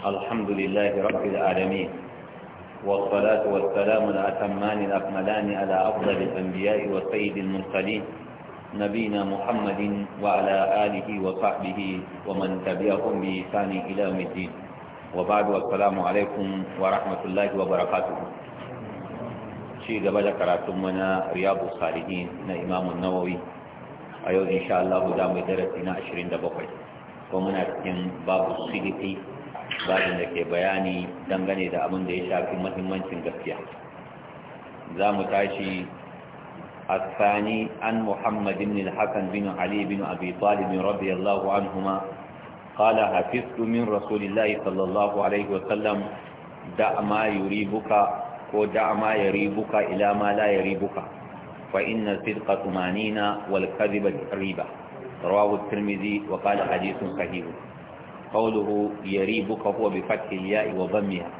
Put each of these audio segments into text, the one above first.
الحمد لله رب العالمين والصلاة والسلام الأتمان الأكملان على أفضل الأنبياء وسيد المرسلين نبينا محمد وعلى آله وصحبه ومن تبعهم بإحسان إلى يوم الدين وبعد والسلام عليكم ورحمة الله وبركاته شيء قبل كراتمنا رياض الصالحين إمام النووي أيضا إن شاء الله دام درسنا 27 ومن أتكلم باب الصدق ibadin da ke bayani dangane da abin da ya shafi mahimmancin gaskiya za mu tashi asani an muhammadin al-hakan bin ali bin abi talib radiyallahu anhuma qala hafiztu min rasulillahi sallallahu alaihi wa sallam da ma yuribuka ko da ma yuribuka ila ma la yuribuka fa tumanina wal riba rawahu at wa qala hadithun sahih قوله يريبك هو بفتح الياء وضمها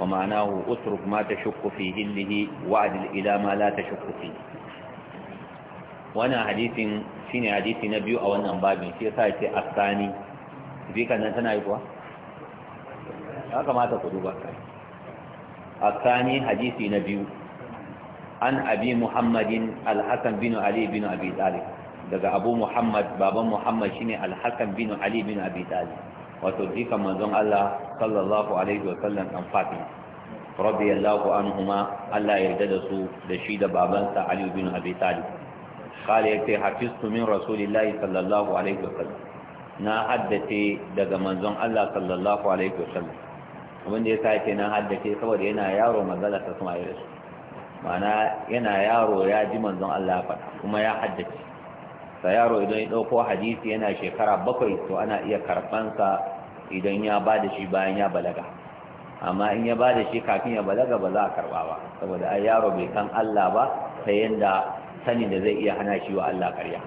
ومعناه اترك ما تشك في هله وعدل إلى ما لا تشك فيه وانا حديث شيني حديث نبي أو أن أنبابي في سايتي الثاني في كان نتنا يقوى كما تقولوا الثاني حديث نبي عن أبي محمد الحسن بن علي بن أبي طالب daga abu muhammad baban muhammad shine alhassan bin ali bin abi talib wato jika manzon Allah sallallahu alaihi wa sallam dan Fatima radiyallahu anhuma Allah ya yarda da su da shi da babansa Ali bin Abi Talib kale yace hafistu min rasulillahi sallallahu na haddace daga manzon Allah sallallahu alaihi wa sallam na haddace saboda yana yaro manzala ta sama ya rasu ma'ana yana yaro ya ji manzon Allah faɗa kuma ya haddace sa yaro idan ya dauko hadisi yana shekara bakwai to ana iya karɓansa idan ya ba shi bayan ya balaga amma in ya ba shi kafin ya balaga ba za a karba ba saboda ai yaro bai san Allah ba sai yanda sanin da zai iya hana shi wa Allah karya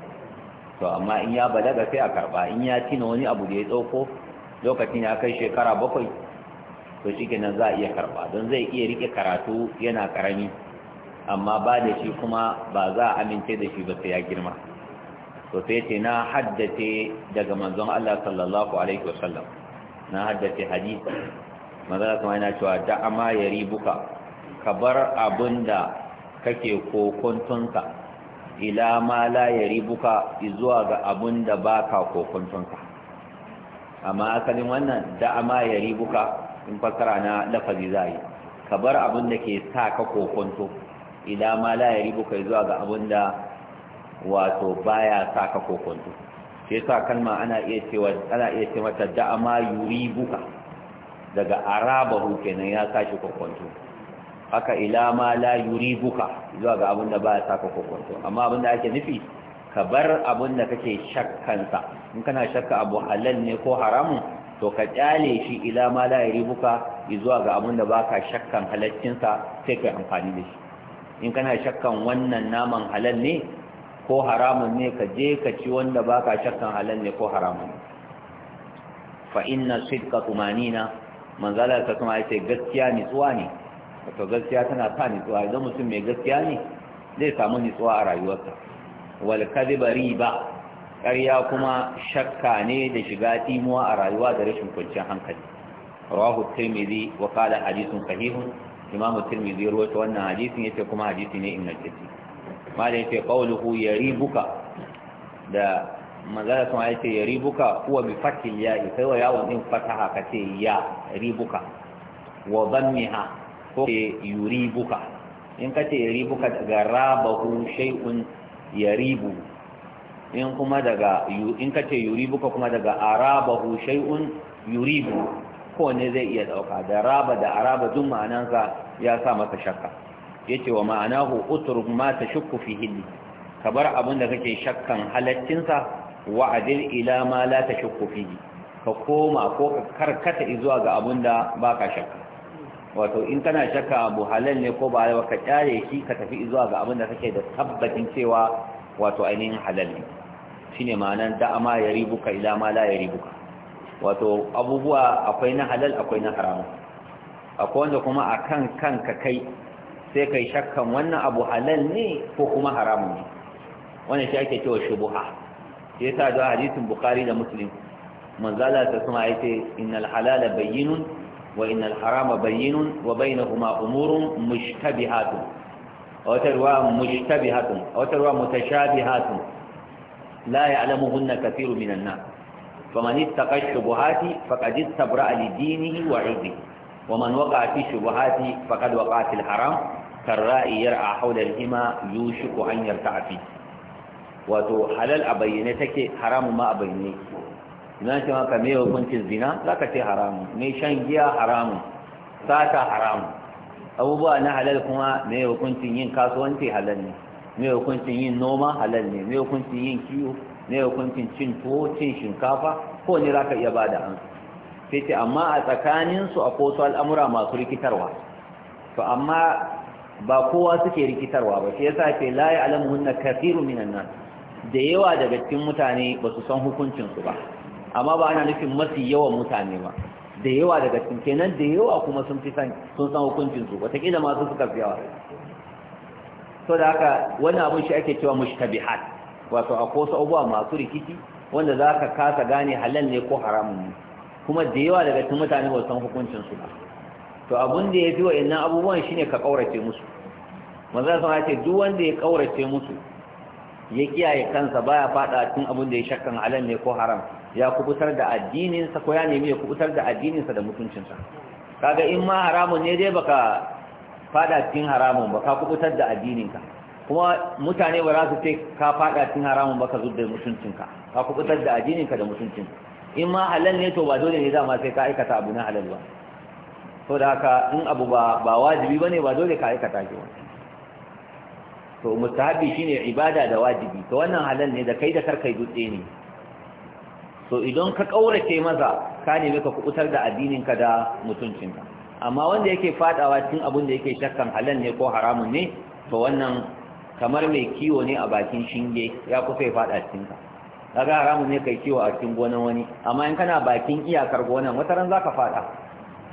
to amma in ya balaga sai a karba in ya tina wani abu da ya ɗauko lokacin ya kai shekara bakwai to shikenan za a iya karba don zai iya rike karatu yana karami amma ba da shi kuma ba za a amince da shi ba sai ya girma to sai ce na haddace daga manzon Allah sallallahu alaihi wasallam na haddace hadisi manzon Allah kuma yana cewa da amma ya ribuka ka bar abinda kake kokuntunka ila ma la ya ribuka zuwa ga abinda baka kokuntunka amma asalin wannan da amma ya ribuka in fassara na lafazi zai ka bar abinda ke sa ka kokunto ila ma la ya ribuka zuwa ga abinda wato baya saka ka kokonto shi yasa kalma ana iya cewa ana iya ce mata da'ama yuri yuribuka daga arabahu kenan ya saki kokonto haka ila ma la yuribuka zuwa ga abinda baya saka kokonto amma abinda ake nufi ka bar abinda kake kake shakkansa in kana shakka abu halal ne ko haramun to ka kyale shi ila ma la yuribuka zuwa ga abinda baka shakkan halaccinsa sai kai amfani da shi in kana shakkan wannan naman halal ne ko haramun ne ka je ka ci wanda baka shakkan halal ne ko haramun fa inna sidqa tumanina manzala ta kuma ce gaskiya tsuwa ne wato gaskiya tana sa tsuwa idan mutum mai gaskiya ne zai samu nitsuwa a rayuwarsa wal kadiba riba ƙarya kuma shakka ne da shiga timuwa a rayuwa da rashin kwanciyar hankali rawahu tirmidhi wa qala hadithun sahihun imamu tirmidhi ruwaita wannan hadithin yace kuma hadithi ne ingantacce mala yace ya yaribuka da manzala kuma yace yaribuka huwa bi fathil ya sai wa yawon din fataha kace ya ribuka wa dhammiha ko yuribuka in kace yaribuka daga rabahu shay'un yaribu in kuma daga in kace yuribuka kuma daga arabahu shay'un yuribu ko ne zai iya dauka da raba da araba duk ma'anansa ya sa masa shakka yace wa ma'anahu utruk ma tashukku fihi ka bar abin da kake shakkan halaccinsa wa adil ila ma la tashukku fihi ka koma ko ka karkata zuwa ga abin da baka shakka wato in kana shakka abu halal ne ko ba halal ka tare shi ka tafi zuwa ga abin da kake da tabbacin cewa wato ainihin halal ne shine ma'anar da'ama ya ribuka ila ma la ya ribuka wato abubuwa akwai na halal akwai na haram akwai wanda kuma a kan kanka kai sai kai shakkan wannan abu halal ne ko kuma haramun ne wannan shi ake cewa shubuha sai yasa da hadisin bukhari da muslim manzala ta suma ya yace innal halala bayyinun wa innal harama bayyinun wa bainahuma umurun mushtabihatun aw tarwa mushtabihatun aw tarwa mutashabihatun la ya'lamuhunna kathirun minan nas faman ittaqa shubuhati faqad istabra'a li dinihi wa 'irdihi ومن وقع في الشبهات فقد وقع في الحرام karra'i a haula hima yushiku an yarta'a fi wato halal a bayyane take haramun ma a bayyane zan ce maka mai hukuncin zina za ka ce haramun Mai shan giya haramun sata haramun abubuwa na halal kuma mai hukuncin yin kasuwanci halal ne Mai hukuncin yin noma halal ne Mai hukuncin yin kiwo mai hukuncin cin tuwo cin shinkafa ko ne zaka iya bada an sai ce amma a tsakaninsu a akwai al'amura masu rikitarwa to amma ba kowa suke rikitarwa ba shi yasa ce la ya'lamuhunna kathirun minan nas da yawa daga cikin mutane ba su san hukuncin su ba amma ba ana nufin mafi yawan mutane ba da yawa daga cikin kenan da yawa kuma sun fi san sun san hukuncin su wataƙila ma su suka fi yawa so da haka wani abun shi ake cewa mushtabihat wato a kosa abuwa masu rikici wanda za ka kasa gane halal ne ko haramun ne kuma da yawa daga cikin mutane ba su san hukuncin su ba to abun da ya fi wa'annan abubuwan shine ka kaurace musu maza sama ce duk wanda ya kaurace musu ya kiyaye kansa baya fada cikin abun da ya shakkan halal ne ko haram ya kubutar da addininsa ko ya nemi ya kubutar da addininsa da mutuncinsa kaga in ma haramun ne dai baka faɗa cikin haramun ba ka kubutar da addininka kuma mutane ba za su ce ka faɗa cikin haramun ba ka zubda mutuncinka ka kubutar da addininka da mutuncinka in ma halal ne to ba dole ne dama sai ka aikata abu na halal ba so da haka in abu ba ba wajibi bane ba dole ka aikata shi to mustahabi shine ibada da wajibi to wannan halal ne da kai da karkai dutse ne so idan ka kaurace maza ka nemi ka kubutar da addininka da mutuncinka amma wanda yake fadawa cikin abin da yake shakkan halal ne ko haramun ne to wannan kamar mai kiwo ne a bakin shinge ya kusa ya fada cikin ka kaga haramun ne kai kiwo a cikin gonan wani amma in kana bakin iyakar gonan wata zaka fada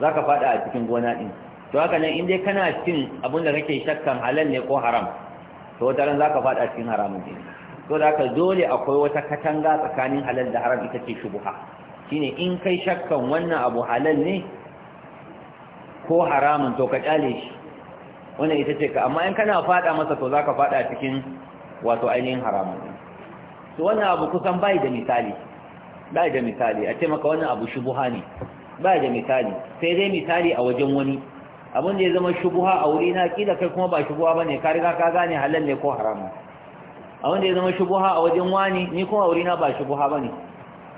za ka fada a cikin gona ɗin to haka nan in dai kana cin abin da kake shakkan halal ne ko haram to wata ran za ka faɗa cikin haramun ne to da haka dole akwai wata katanga tsakanin halal da haram ita ce shubuha shine in kai shakkan wannan abu halal ne ko haramun to ka kyale shi wannan ita ce ka amma in kana fada masa to za ka faɗa cikin wato ainihin haramun to wannan abu kusan bai da misali bai da misali a ce maka wannan abu shubuha ne ba da misali sai dai misali a wajen wani abin da ya zama shubuha a wuri na kila kai kuma ba shubuha bane ka riga ka gane halal ne ko haramun abin da ya zama shubuha a wajen wani ni kuma a wuri na ba shubuha bane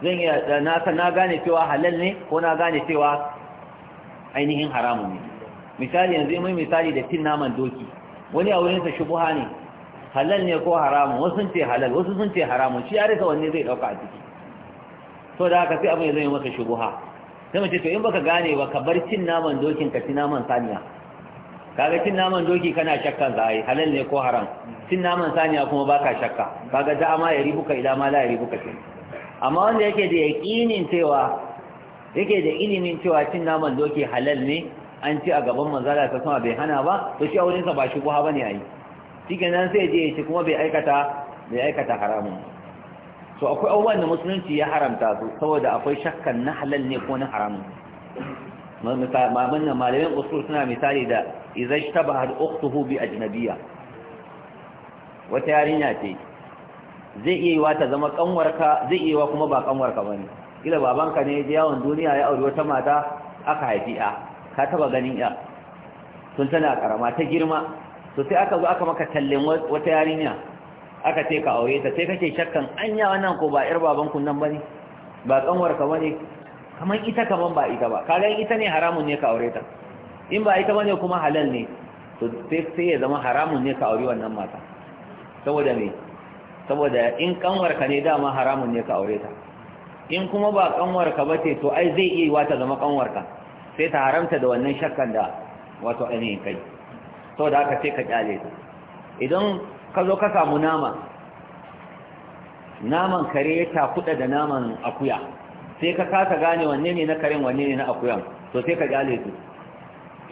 zan iya na san na gane cewa halal ne ko na gane cewa ainihin haramun ne misali yanzu mai misali da cin naman doki wani a sa shubuha ne halal ne ko haramun wasu sun ce halal wasu sun ce haramun shi ya rika wanne zai dauka a ciki to da haka sai abin ya zama masa shubuha sai mace to in baka gane ba ka bar cin naman dokin ka ci naman saniya kaga cin naman doki kana shakka zai halal ne ko haram cin naman saniya kuma baka shakka kaga da ma ya ribuka ila ma la ya ribuka ce amma wanda yake da yaqinin cewa yake da ilimin cewa cin naman doki halal ne an ci a gaban manzala ta sama bai hana ba to shi a ba shi buha bane ayi shikenan sai je ya kuma bai aikata bai aikata haramun to akwai abubuwan da musulunci ya haramta su saboda akwai shakkan na halal ne ko na haramun mamannan malamin usul suna misali da izai ta ba har uktuhu bi ajnabiya wata yarinya ce zai iya yiwa ta zama kanwarka zai iya yiwa kuma ba kanwarka bane kila babanka ne ya yawon duniya ya auri wata mata aka haifi a ka taba ganin ya sun tana karama ta girma to sai aka zo aka maka tallen wata yarinya aka ce ka aure ta sai kake shakkan anya wannan ko ba yar baban ku nan bane ba kanwar ka bane kaman ita kaman ba ita ba kaga ita ne haramun ne ka aure ta in ba ita bane kuma halal ne to sai sai ya zama haramun ne ka aure wannan mata saboda me saboda in kanwar ka ne dama haramun ne ka aure ta in kuma ba kanwar ka ce, to ai zai iya yiwa ta zama kanwar ka sai ta haramta da wannan shakkan da wato ainihin kai saboda aka ce ka kyale ta idan ka zo ka samu nama naman kare ya takuɗa da naman akuya sai ka kasa gane wanne ne na karen wanne ne na akuyan to sai ka jale su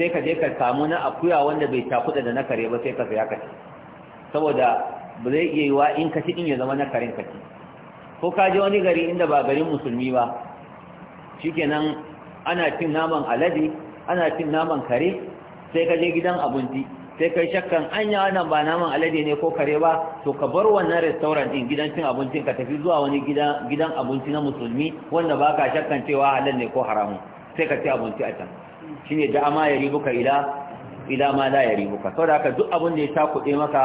sai ka je ka samu na akuya wanda bai takuɗa da na kare ba sai ka saya kaci saboda ba zai iya yi wa in kaci in ya zama na karen kaci ko ka je wani gari inda ba garin musulmi ba shikenan ana cin naman alade ana cin naman kare sai ka je gidan abinci sai kai shakkan anya wannan ba naman alade ne ko kare ba to ka bar wannan restaurant din gidan cin abincin ka tafi zuwa wani gidan gidan abinci na musulmi wanda ba ka shakkan cewa halal ne ko haramun sai ka ci abinci a can shine da ama ya ribuka ila ila ma la ya ribuka saboda haka duk abin da ya sa kuɗe maka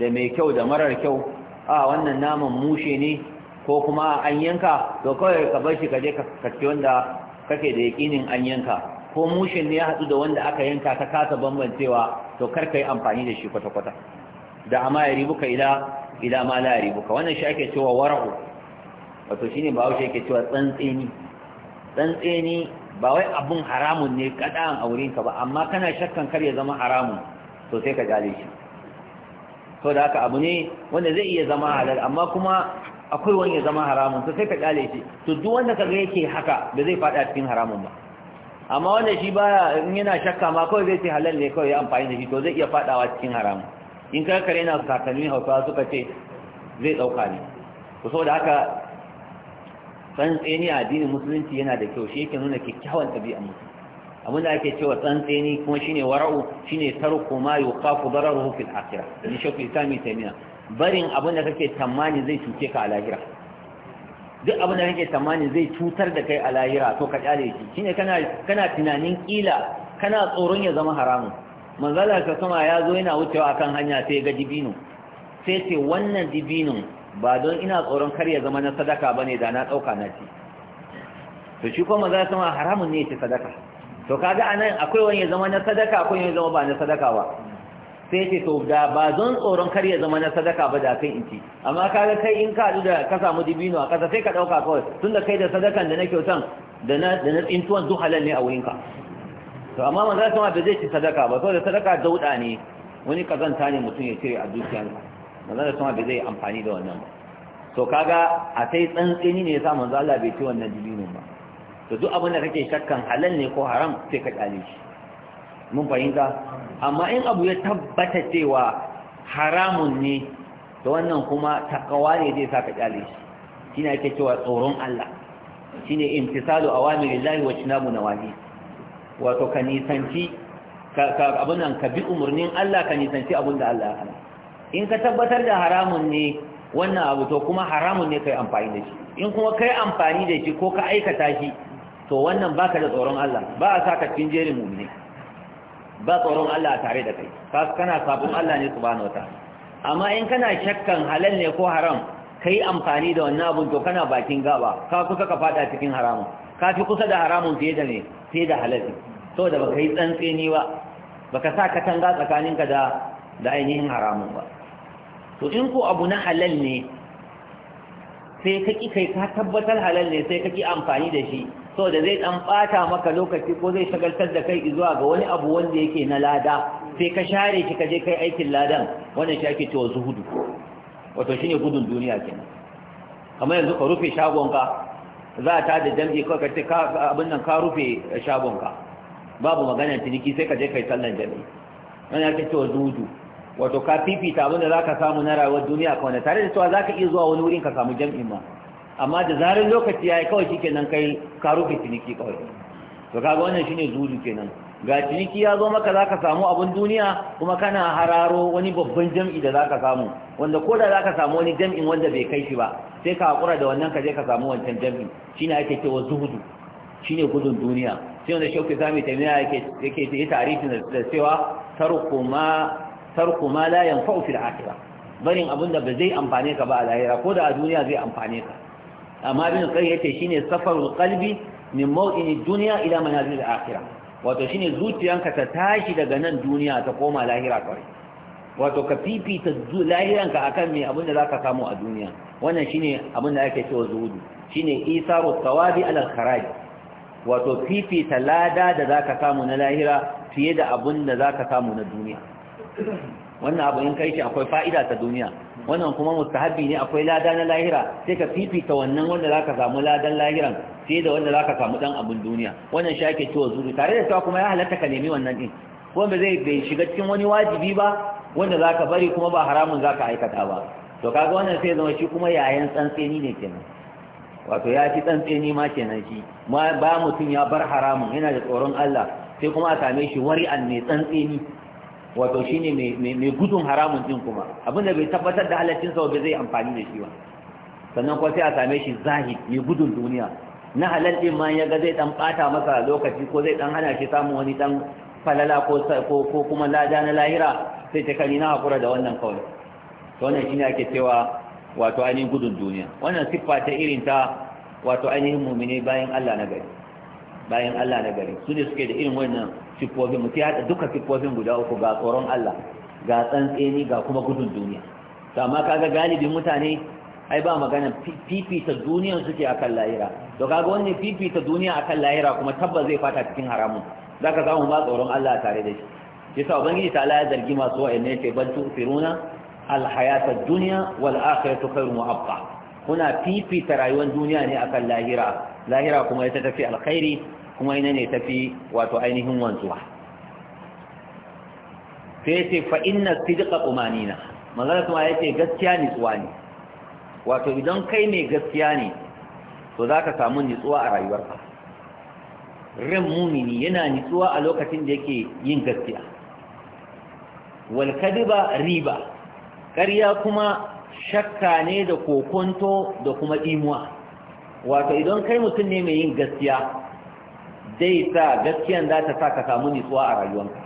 da mai kyau da marar kyau a wannan naman mushe ne ko kuma an yanka to kawai ka bar shi ka je ka kace wanda kake da yakinin an yanka ko mushin ne ya haɗu da wanda aka yanka ta kasa bambancewa to kar ka yi amfani da shi kwata-kwata da amma ya ribuka ila ila ma la ribuka wannan shi ake cewa wara'u wato shine ba wuce yake cewa tsantseni tsantseni ba wai abun haramun ne kadan a wurin ka ba amma kana shakkan kar ya zama haramun to sai ka gale shi to da haka abu ne wanda zai iya zama halal amma kuma akwai wani ya zama haramun to sai ka gale shi to duk wanda kaga yake haka ba zai fada cikin haramun ba amma wanda shi baya in yana shakka ma kawai zai ce halal ne kawai ya amfani da shi to zai iya fadawa cikin haram in karkare kare na kakannin hausawa suka ce zai dauka ne to saboda haka tsantseni a addinin musulunci yana da kyau shi yake nuna kyakkyawan tabi'a musulunci abin da ake cewa tsantseni kuma shine wara'u shine tarku ma yuqafu dararuhu fil akhirah ni shafi isami tamiya barin abin da kake tamani zai cuce ka a duk abin da kake tsammani zai cutar da kai a lahira to ka kyale shi shine kana kana tunanin kila kana tsoron ya zama haramun manzala ka sama ya zo yana wucewa kan hanya sai ga dibino sai ce wannan dibinon ba don ina tsoron kar ya zama na sadaka bane da na dauka na ci to shi kuma manzala sama haramun ne ya ci sadaka to kaga anan akwai wani ya zama na sadaka akwai wani ya zama ba na sadaka ba sai ce to da ba zan tsoron kar ya zama na sadaka ba da kai in ci amma kaga kai in ka da ka samu dibino a kasa sai ka dauka kawai tunda kai da sadakan da na kyautan da na da na tsintuwan duk halal ne a wurinka to amma man za ta ma da zai ci sadaka ba saboda sadaka dauda ne wani kazanta ne mutum ya cire a dukiyarsa man za ta ma da zai amfani da wannan ba to kaga a sai tsantseni ne yasa manzo Allah bai ci wannan dibino ba to duk abin da kake shakkan halal ne ko haram sai ka kyale shi mun fahimta amma in abu ya tabbata cewa haramun ne to wannan kuma takawa ne zai saka kyale shi shine ake cewa tsoron Allah shine imtisalu awamirillahi wa tinamu nawahi wato ka nisanci ka abun nan ka bi umurnin Allah ka nisanci abun da Allah ya hana in ka tabbatar da haramun ne wannan abu to kuma haramun ne kai amfani da shi in kuma kai amfani da shi ko ka aikata shi to wannan baka da tsoron Allah ba a saka cikin jerin mu'mini ba tsoron Allah tare da kai ka kana sabon Allah ne subhanahu wataala amma in kana shakkan halal ne ko haram kai amfani da wannan abun to kana bakin gaba ka kusa ka fada cikin haramun ka fi kusa da haramun fiye da ne fiye da halal saboda baka yi tsantseni ba baka sa katanga tsakaninka da da ainihin haramun ba to in ko abu na halal ne sai kake kai ka tabbatar halal ne sai kake amfani da shi so da zai dan bata maka lokaci ko zai shagaltar da kai zuwa ga wani abu wanda yake na lada sai ka share shi ka je kai aikin ladan wannan shi ake cewa zuhudu wato shine gudun duniya kenan kamar yanzu ka rufe shagon ka, za ta da jam'i ko ka ce ka abin nan ka rufe shagon ka, babu maganar ciniki sai ka je kai sallan jami'i wannan ake cewa zuhudu wato ka fifita abin da zaka samu na rayuwar duniya ka wanda tare da cewa zaka iya zuwa wani wurin ka samu jam'in ma amma da zarin lokaci ya yi kawai shi kenan kai ka rufe ciniki kawai to kaga wannan shine zuri kenan ga ciniki ya zo maka zaka samu abun duniya kuma kana hararo wani babban jam'i da zaka samu wanda ko da zaka samu wani jam'in wanda bai kai shi ba sai ka hakura da wannan ka je ka samu wancan jam'i shine ake cewa zuhudu shine gudun duniya sai wanda shauki zami taimiya yake yake yi tarihi da cewa tarku ma tarku ma la yanfa'u fil akhirah barin abin da ba zai amfane ka ba a lahira ko da a duniya zai amfane ka amma bin kai yace shine safarul qalbi min mawdin dunya ila manazil akhirah wato shine zuciyanka ta tashi daga nan duniya ta koma lahira kawai wato ka fifita lahiranka akan me abin da zaka samu a duniya wannan shine abin da ake cewa zuhudu shine isaru thawabi ala kharaj wato fifita lada da zaka samu na lahira fiye da abin da zaka samu na duniya wannan abu in kai shi akwai fa'ida ta duniya wannan kuma mustahabi ne akwai lada na lahira sai ka fifita wannan wanda zaka samu ladan lahiran sai da wanda zaka samu dan abun duniya wannan shi ake cewa zuri tare da cewa kuma ya halatta ka nemi wannan din ko ba zai bai shiga cikin wani wajibi ba wanda zaka bari kuma ba haramun zaka aikata ba to kaga wannan sai zama shi kuma yayan tsantseni ne kenan wato ya ci tsantseni ma kenan shi ba mutum ya bar haramun yana da tsoron Allah sai kuma a same shi wari'an ne tsantseni wato shine mai gudun haramun din kuma abinda bai tabbatar da halittin sa ba zai amfani da shi ba sannan kuma sai a same shi zahid mai gudun duniya na halal din ma ya ga zai ɗan ɓata masa lokaci ko zai ɗan hana shi samun wani dan falala ko kuma lada na lahira sai ta kani na haƙura da wannan kawai to wannan ne ake cewa wato ainihin gudun duniya wannan siffa ta irin ta wato ainihin mu'mini bayan Allah na gari bayan Allah na gari su ne suke da irin wannan siffofin mutum ya haɗa duka siffofin guda uku ga tsoron Allah ga tsantseni ga kuma gudun duniya to amma kaga galibin mutane ai ba magana fifita duniyan suke akan lahira to kaga wani fifita duniya akan lahira kuma tabbas zai fata cikin haramun zaka samu ba tsoron Allah tare da shi yasa ubangiji ta Allah ya zargi masu wa'anne yace bal tu'thiruna alhayata ad-dunya wal akhiratu khairun wa abqa kuna fifita rayuwar duniya ne akan lahira lahira kuma ita tafi alkhairi kuma ina ne tafi wato ainihin wanzuwa sai ce fa inna sidqa umanina manzara kuma yace gaskiya tsuwa ne wato idan kai ne gaskiya ne to zaka samu nitsuwa a rayuwarka ran mumini yana nitsuwa a lokacin da yake yin gaskiya wal kadiba riba ƙarya kuma shakka ne da kokonto da kuma imuwa wato idan kai mutum ne mai yin gaskiya zai sa gaskiyan za ta sa ka samu nitsuwa a rayuwanka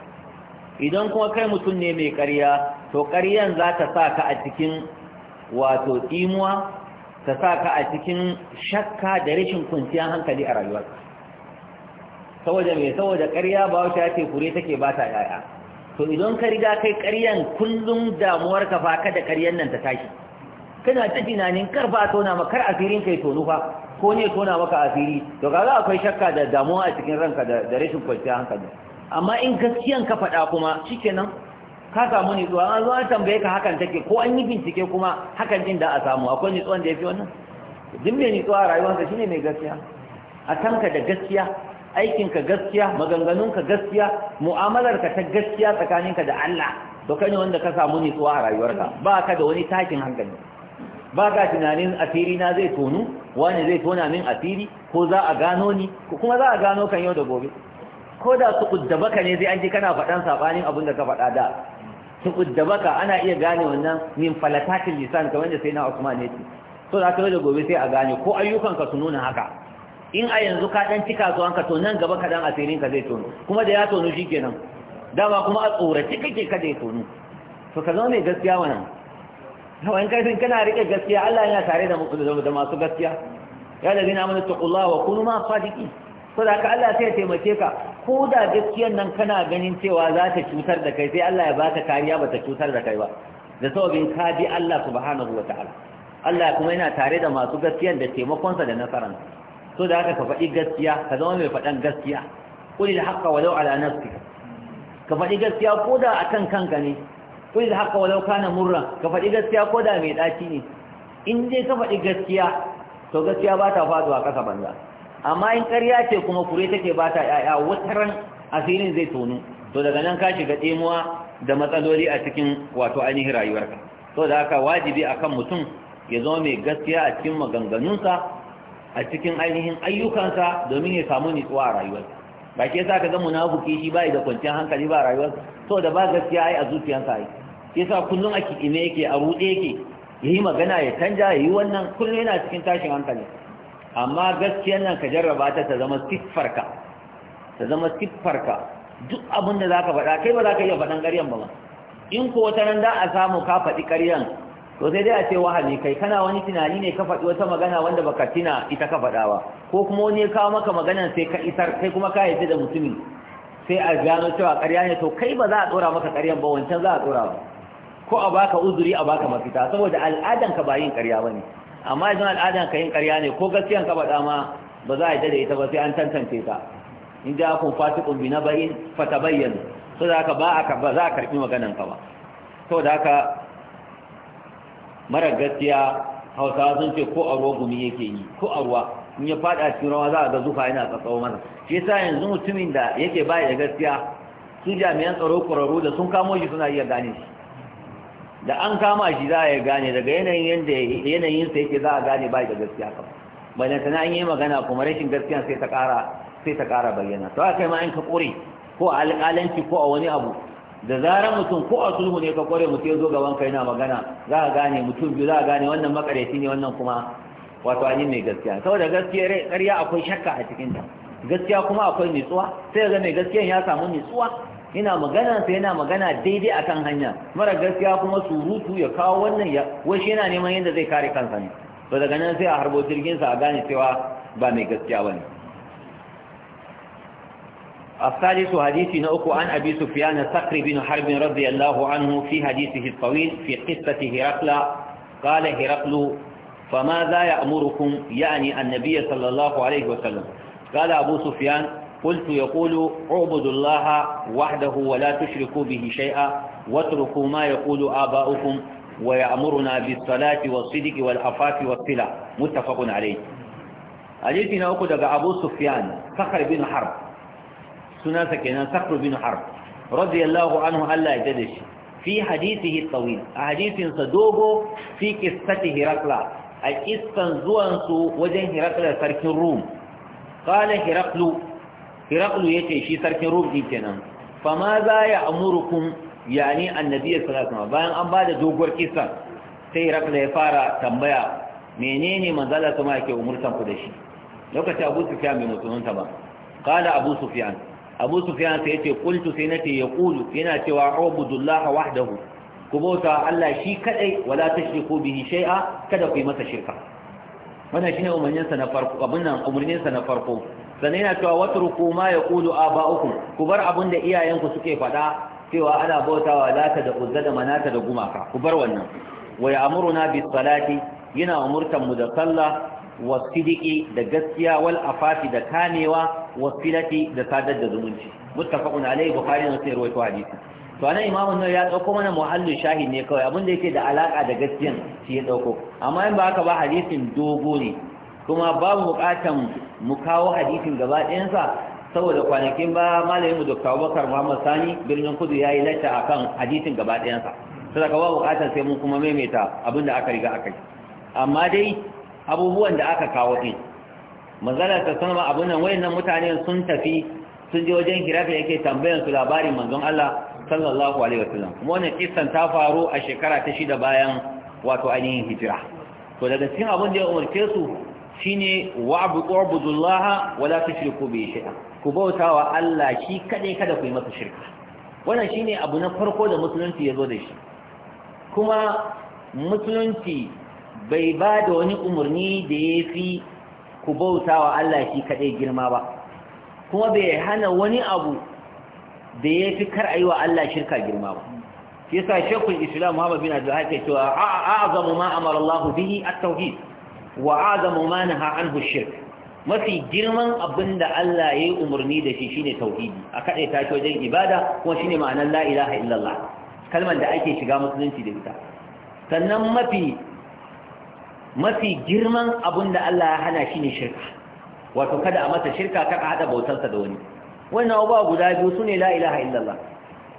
idan kuma kai mutum ne mai ƙarya to ƙaryan za ta sa ka a cikin wato tsimuwa ta sa ka a cikin shakka da rashin kwanciyar hankali a rayuwarka saboda mai saboda ƙarya ba wata ya ce fure take ba ta yaya to idan ka riga kai ƙaryan kullum damuwarka fa kada ƙaryan nan ta tashi kana ta tunanin kar ba tona maka kar asirin kai tonu fa ko ne tona maka asiri to kaga akwai shakka da damuwa a cikin ranka da da rashin kwanciyar hankali amma in gaskiyan ka faɗa kuma shikenan ka samu ne zuwa an zo an tambaye ka hakan take ko an yi bincike kuma hakan din da a samu akwai ne tsohon da ya fi wannan duk mai ni tsohon rayuwarsa shine mai gaskiya a tanka da gaskiya aikinka gaskiya maganganunka gaskiya mu'amalarka ta gaskiya tsakaninka da Allah to kai wanda ka samu nutsuwa a rayuwarka ba ka da wani takin hankali ba ka tunanin asiri na zai tonu wani zai tona min asiri ko za a gano ni kuma za a gano kan yau da gobe ko da su kuddabaka ne zai an ji kana faɗan saɓanin abin da ka faɗa da su kuddabaka ana iya gane wannan min falatatin lisan ka wanda sai na Usman ne so da kai da gobe sai a gane ko ayyukan ka su nuna haka in a yanzu ka dan cika an ka to nan gaba ka dan asirin ka zai tonu. kuma da ya tono shikenan dama kuma a tsorace kake ka ya tonu. to ka zama mai gaskiya wannan kawai kafin kana rike gaskiya Allah yana tare da da masu gaskiya ya da zina mana taqullaha wa kunu ma sadiqi saboda haka Allah sai ya taimake ka ko da gaskiyar nan kana ganin cewa za ta cutar da kai sai Allah ya baka kariya ba ta cutar da kai ba da sababin ka bi Allah subhanahu wa ta'ala Allah kuma yana tare da masu gaskiyar da taimakonsa da nasaransa so da haka ka faɗi gaskiya ka zama mai faɗan gaskiya qulil haqqa walau ala nafsika ka faɗi gaskiya ko da akan kanka ne ko da haka walau kana murra ka faɗi gaskiya ko da mai ɗaci ne in dai ka faɗi gaskiya to gaskiya ba ta faduwa ƙasa banza amma in ƙarya ce kuma kure take ba ta ƴaƴa wataran asirin zai tonu to daga nan ka shiga ɗemuwa da matsaloli a cikin wato ainihin rayuwarka to da haka wajibi akan mutum ya zama mai gaskiya a cikin maganganunsa a cikin ainihin ayyukansa domin ya samu nutsuwa a rayuwarsa ba ke sa ka zama munafiki shi ba da kwanciyar hankali ba rayuwar to da ba gaskiya ai a zuciyarsa ai ke sa kullun a ime yake a rude yake yayi magana ya canja yayi wannan kullun yana cikin tashin hankali amma gaskiyar nan ka jarraba ta ta zama siffarka ta zama siffarka duk abin da zaka faɗa kai ba za ka iya faɗan ƙaryan ba in ko wata nan da a samu ka faɗi ƙaryan to sai dai a ce wahali kai kana wani tunani ne ka faɗi wata magana wanda baka tuna ita ka faɗa ba ko kuma wani ya kawo maka magana sai ka isar sai kuma ka yadda da mutumin sai a gano cewa ƙarya ne to kai ba za a tsora maka ƙaryan ba wancan za a tsora ba ko a baka uzuri a baka mafita saboda al'adan ka ba yin ƙarya ba ne. amma idan al'adan ka yin ƙarya ne ko gaskiyan ka ba ma ba za a yadda da ita ba sai an tantance ta in ja kun fasiqun bi nabain fata bayyana. haka ba aka ba za a karbi maganan ka ba saboda haka mara gaskiya Hausawa sun ce ko a ruwa gumi yake yi ko a ruwa in ya faɗi a cikin rawa za a ga zufa yana tsatsawo mana shi yasa yanzu mutumin da yake bayi da gaskiya su jami'an tsaro kwararru da sun kamo shi suna iya gane shi da an kama shi za a gane daga yanayin yanda yanayinsa yake za a gane bayi da gaskiya kam bayan na an yi magana kuma rashin gaskiya sai ta ƙara sai ta ƙara bayyana to haka ma in ka ƙure ko a alƙalanci ko a wani abu da zarar mutum ko a sulhu ne ka kware mutum ya zo gaban kai na magana za a gane mutum biyu za a gane wannan makareci ne wannan kuma wato ainihin mai gaskiya saboda gaskiya ƙarya akwai shakka a cikinta gaskiya kuma akwai nitsuwa sai ga mai gaskiyan ya samu nitsuwa ina magana sai yana magana daidai akan hanya mara gaskiya kuma surutu ya kawo wannan ya wai yana neman yadda zai kare kansa ne to daga nan sai a harbo jirgin sa a gane cewa ba mai gaskiya bane الثالث حديث نأكو عن أبي سفيان الثقر بن حرب رضي الله عنه في حديثه الطويل في قصة هرقل قال هرقل فما ذا يأمركم يعني النبي صلى الله عليه وسلم قال أبو سفيان قلت يقول اعبدوا الله وحده ولا تشركوا به شيئا واتركوا ما يقول آباؤكم ويأمرنا بالصلاة والصدق والعفاف والصلة متفق عليه حديثنا أقول أبو سفيان صخر بن حرب سناسة كنا صخر بن حرب رضي الله عنه ألا يجدش في حديثه الطويل حديث صدوق في قصته رقلا a kissan zuwansu wajen da sarkin rum kala hiraklu hiraklu ya ce shi sarkin rum ɗin kenan fama za ya amurukun yani ne annabi ya sarasama bayan an ba da doguwar kissan sai hiraklu ya fara tambaya menene manzala sama yake umurtan ku da shi Lokaci abu Sufyan bai mutununta ba kala abu Sufyan. abu Sufyan sai ya ce kultu sai na ce ya kulu yana cewa abudullah wahdahu ku bauta Allah shi kadai wala tashriku bihi shay'a kada ku yi masa shirka wannan shine umarnin sa na farko abin nan umarnin sa na farko sannan yana cewa watruku ma yaqulu aba'ukum ku bar abin da iyayenku suke faɗa cewa ana bautawa lata da uzza da manata da gumaka ku bar wannan wa ya'muruna bis salati yana umurtan mu da sallah wasidiki da gaskiya wal afafi da kamewa Filati da sadar da zumunci muttafaqun alayhi bukhari da muslim rawaito hadisi to anan imamu nan ya dauko mana muhallin shahid ne kawai abinda yake da alaka da gaskiyan shi ya dauko amma in ba haka ba hadisin dogo ne kuma babu bukatan mu kawo hadisin gaba ɗayansa saboda kwanakin ba malamin mu dr Abubakar Muhammad Sani birnin Kudu ya yi lacca akan hadisin gaba ɗayansa saboda babu bukatan sai mun kuma maimaita da aka riga aka yi amma dai abubuwan da aka kawo din manzala ta sanar abin nan wayannan mutane sun tafi sun je wajen hirafi yake tambayan su labarin manzon Allah sallallahu alaihi wasallam kuma wannan kisan ta faru a shekara ta shida bayan wato ainihin hijira to daga cikin abin da ya umarce su shine wa'budullaha wala tushriku bihi shay'a ku wa Allah shi kadai kada ku yi masa shirka wannan shine abu na farko da musulunci ya zo da shi kuma musulunci bai ba da wani umarni da ya fi ku bautawa Allah shi kadai girma ba kuma bai hana wani abu da ya fi kar a yi wa Allah shirka girma ba shi yasa shekul islam muhammad bin abdul hake cewa a'azamu ma amara Allah bihi at-tauhid wa a'azamu ma naha anhu shirk mafi girman abin da Allah ya yi umarni da shi shine tauhidi a kaɗai ta ce wajen ibada kuma shine ma'anar la ilaha illallah kalmar da ake shiga musulunci da ita sannan mafi mafi girman abin da Allah ya hana shine shirka wato kada a masa shirka kar a haɗa bautarsa da wani wannan abubuwa guda biyu su ne la ilaha illallah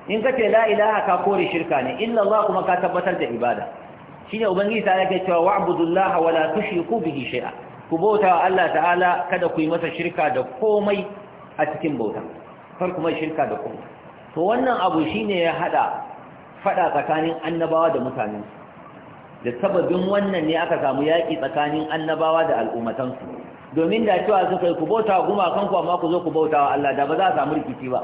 in ka ce la ilaha ka kore shirka ne illallah kuma ka tabbatar da ibada shine ubangiji ta yake cewa wa'budullaha wala tushriku bihi shay'a ku bauta Allah ta'ala kada ku yi masa shirka da komai a cikin bauta kar kuma shirka da komai to wannan abu shine ya hada fada tsakanin annabawa da mutanen da sababin wannan ne aka samu yaki tsakanin annabawa da al'ummatan su domin da cewa suka yi ku bauta wa gumakan ku amma ku zo ku bauta wa Allah da ba za a samu rikici ba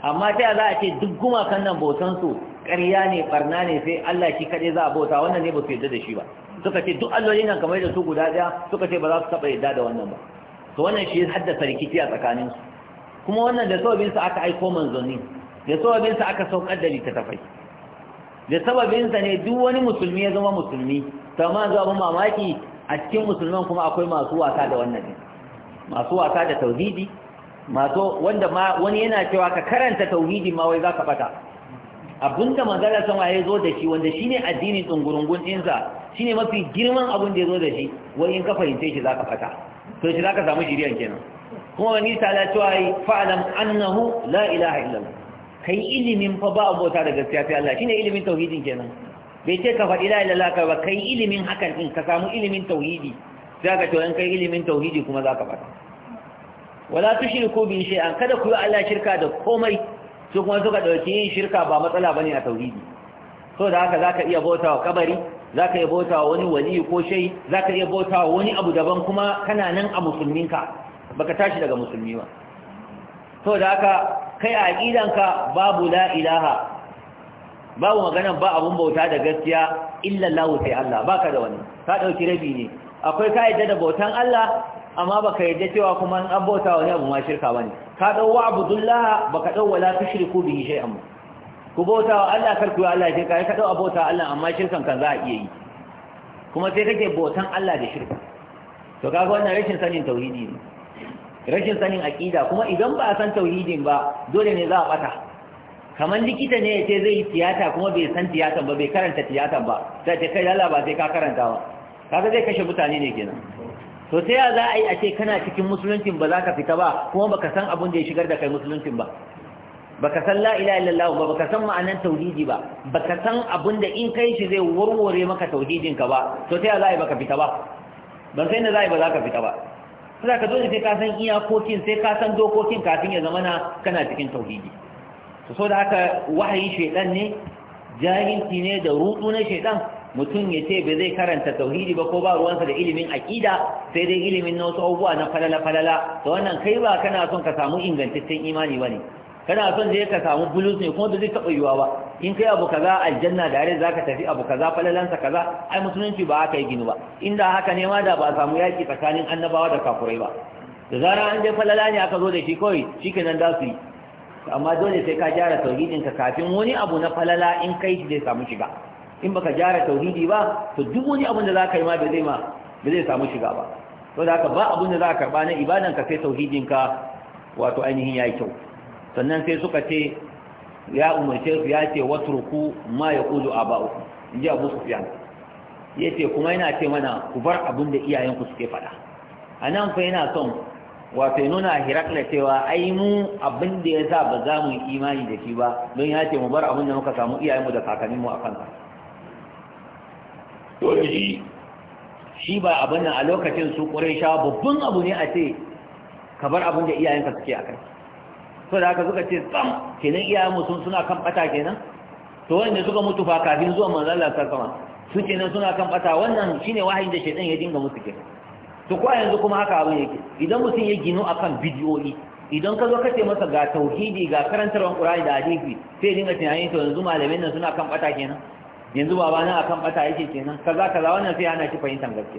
amma ta za a ce duk gumakan nan bautan su ƙarya ne barna ne sai Allah shi kaɗai za a bauta wannan ne ba su yarda da shi ba suka ce duk allolin nan kamar da su guda ɗaya suka ce ba za su taɓa yarda da wannan ba to wannan shi haddasa rikici a tsakanin su kuma wannan da sababin sa aka aiko manzanni da sababin sa aka saukar da littattafai da sababin sa ne duk wani musulmi ya zama musulmi to amma zuwa mamaki a cikin musulman kuma akwai masu wasa da wannan masu wasa da tauhidi masu wanda ma wani yana cewa ka karanta tauhidi ma wai zaka fata. abinda manzala sama waye zo da shi wanda shine addinin tsungurungun ɗinsa shine mafi girman abin da ya zo da shi wai in ka fahimce shi zaka fata, to shi zaka samu shiriyan kenan kuma wani ta la cewa yi annahu la ilaha illallah kai ilimin fa ba abota da gaskiya sai Allah shine ilimin tauhidin kenan bai ce ka faɗi la ilaha illallah ba kai ilimin hakan din ka samu ilimin tauhidi za to in kai ilimin tauhidi kuma za ka faɗa wala tushriku bi shay'an kada ku yi Allah shirka da komai su kuma suka dauki yin shirka ba matsala bane a tauhidi so da haka zaka iya bautawa kabari zaka iya bautawa wani wali ko shay zaka iya bautawa wani abu daban kuma kana nan a musulminka baka tashi daga musulmi ba so da haka kai a aqidanka babu la ilaha babu maganan ba abun bauta da gaskiya illa Allah sai Allah baka da wani ka dauki rabi ne akwai ka yadda da bautan Allah amma baka yadda cewa kuma an bauta wani abu ma shirka bane ka dau wa abdullah baka dau wala tushriku bihi shay'an ku bauta wa Allah kar ku Allah shirka ka dau abota Allah amma shirkan kan za a iya yi kuma sai kake bautan Allah da shirka to kaga wannan rashin sanin tauhidi ne rashin sanin aqida kuma idan ba a san tauhidin ba dole ne za a bata kamar likita ne ya ce zai yi tiyata kuma bai san tiyata ba bai karanta tiyata ba sai ta kai lalla ba sai ka karanta ba kaga zai kashe mutane ne kenan to sai ya za a yi a ce kana cikin musuluncin ba za ka fita ba kuma baka san abin da ya shigar da kai musuluncin ba baka san la ilaha illallah ba baka san ma'anar tauhidi ba baka san abin da in kai shi zai warware maka tauhidin ka ba to sai ya za a yi baka fita ba ban sai na za a yi ba za ka fita ba sai ka dole sai ka san iyakokin sai ka san dokokin kafin ya zama na kana cikin tauhidi so da haka wahayi shaidan ne jahilci ne da rutu na shaidan mutum ya ce ba zai karanta tauhidi ba ko ba ruwansa da ilimin aƙida sai dai ilimin na wasu abubuwa na falala falala to wannan kai ba kana son ka samu ingantaccen imani bane kana son je ka samu bulus ne kuma ba zai taɓa yiwuwa ba in kai abu kaza aljanna da yare zaka tafi abu kaza falalansa kaza ai musulunci ba aka yi gini ba inda haka ne ma da ba samu yaki tsakanin annabawa da kafurai ba da zara an je falala ne aka zo da shi kawai shikenan da su yi amma dole sai ka gyara tauhidinka kafin wani abu na falala in kai shi zai samu shiga in baka gyara tauhidi ba to duk wani abun da zaka yi ma ba zai ma ba zai samu shiga ba to da haka ba abun da zaka karba na ibadan ka sai tauhidinka wato ainihin yayi kyau sannan sai suka ce ya umarce su ya ce watruku ma yaqulu aba'u inji Abu Sufyan yace kuma yana ce mana ku bar abun da iyayenku suke faɗa anan fa yana son wato nuna hirakla cewa ai mu abin da ya sa ba za mu yi imani da shi ba don ya ce mu bar abin da muka samu iyayenmu da kakanninmu a kansa shi ba abin nan a lokacin su sha babban abu ne a ce ka bar abin da iyayenka suke a kai so da haka suka ce tsam kenan iyayenmu sun suna kan bata kenan to wanda suka mutu fa kafin zuwa manzon Allah sallallahu su kenan suna kan bata wannan shine wahayin da shaidan ya dinga musu kenan to ko yanzu kuma haka abin yake idan mutum ya gino akan bidiyoyi idan ka zo ka kace masa ga tauhidi ga karantarwar Qur'ani da hadisi sai dinga tunanin to yanzu malamin nan suna kan bata kenan yanzu baba nan akan bata yake kenan kaza kaza wannan sai ana shi fahimtar gaske.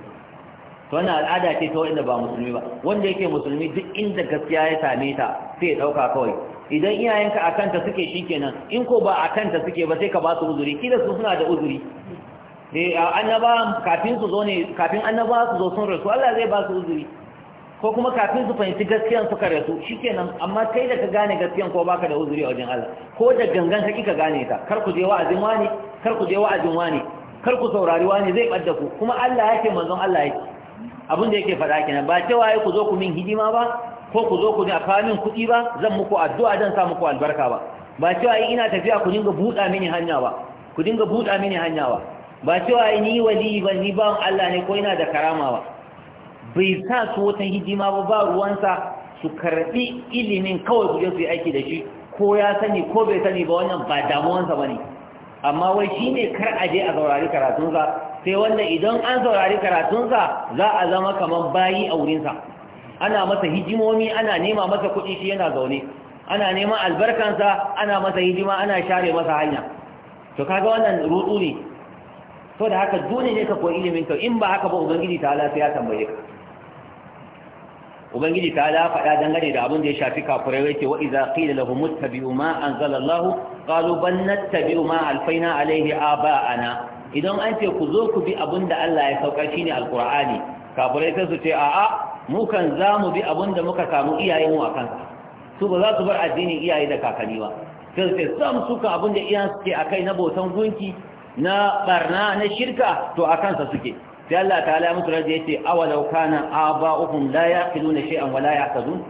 to wannan al'ada ce ta wanda ba musulmi ba wanda yake musulmi duk inda gaskiya ya same ta sai ya dauka kawai idan iyayenka akan ta suke kenan, in ko ba akan ta suke ba sai ka ba su uzuri kila su suna da uzuri Eh, a annaba kafin su zo ne kafin annaba su zo sun rasu Allah zai ba su uzuri ko kuma kafin su fahimci gaskiyan suka rasu shikenan amma kai da ka gane gaskiyan ko baka da uzuri a wajen Allah ko da gangan ka kika gane ta kar ku je wa'azin wani kar ku je wa'azin wani kar ku saurari wani zai badda ku kuma Allah yake manzon Allah yake abin da yake faɗa kenan ba cewa ku zo ku min hidima ba ko ku zo ku a kawo min kuɗi ba zan muku addu'a zan sa muku albarka ba ba cewa ina tafiya ku dinga buɗa mini hanya ba ku dinga buɗa mini hanya ba ba cewa ni wali ba ni ba Allah ne ko ina da karama ba bai sa su wata hidima ba ba ruwansa su karbi ilimin kawai su je su yi aiki da shi ko ya sani ko bai sani ba wannan ba damuwansa ba ne amma wai shi ne kar a je a saurari karatunsa sai wanda idan an saurari karatunsa za a zama kamar bayi a wurinsa ana masa hijimomi ana nema masa kuɗi shi yana zaune ana neman albarkansa ana masa hijima ana share masa hanya to kaga wannan rudu ne to da haka dole ne ka koyi ilimin ka in ba haka ba ubangiji ta ala ya tambaye ka ubangiji ta ala faɗa dangane da abin da ya shafi kafirai yake wa idza qila lahum ittabi'u ma anzala Allah qalu bal nattabi'u ma alfaina alayhi aba'ana idan an ce ku zo ku bi abin da Allah ya sauka shine alqur'ani kafirai sai su ce a'a mu kan za mu bi abin da muka samu mu a kansa su ba za su bar addinin iyaye da kakanni ba sai su ce sam suka abin da iyayen suke akai na bautan gunki na barna na shirka to a kansa suke sai Allah ta ala musu raji yace awalau kana aba'uhum la yaqiluna shay'an wa la yahtadun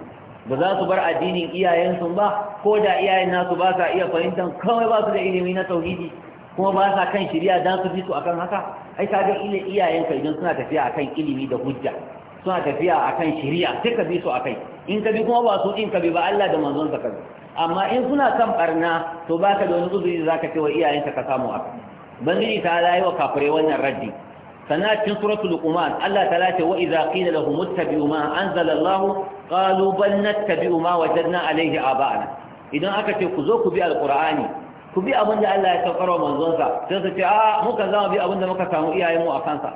ba za su bar addinin iyayensu ba ko da iyayen nasu ba sa iya fahimtar kawai ba su da ilimi na tauhidi kuma ba sa kan shirya dan su fito akan haka ai ka ga ile iyayenka idan suna tafiya akan ilimi da hujja suna tafiya akan shirya sai ka bi su akai in ka bi kuma ba su in ka bi ba Allah da manzon sa ka amma in suna kan barna to baka da wani uzuri da zaka ce wa iyayenka ka samu akai bangiji ta ala yi wannan raddi sannan cikin suratul luqman Allah ta lace wa idza da lahum ittabi'u ma anzala Allah qalu bal nattabi'u ma wajadna alayhi idan aka ce ku zo ku bi alqur'ani ku bi abin da Allah ya saukar wa manzonsa sai su ce a muka zama bi abin da muka samu iyayen mu a kansa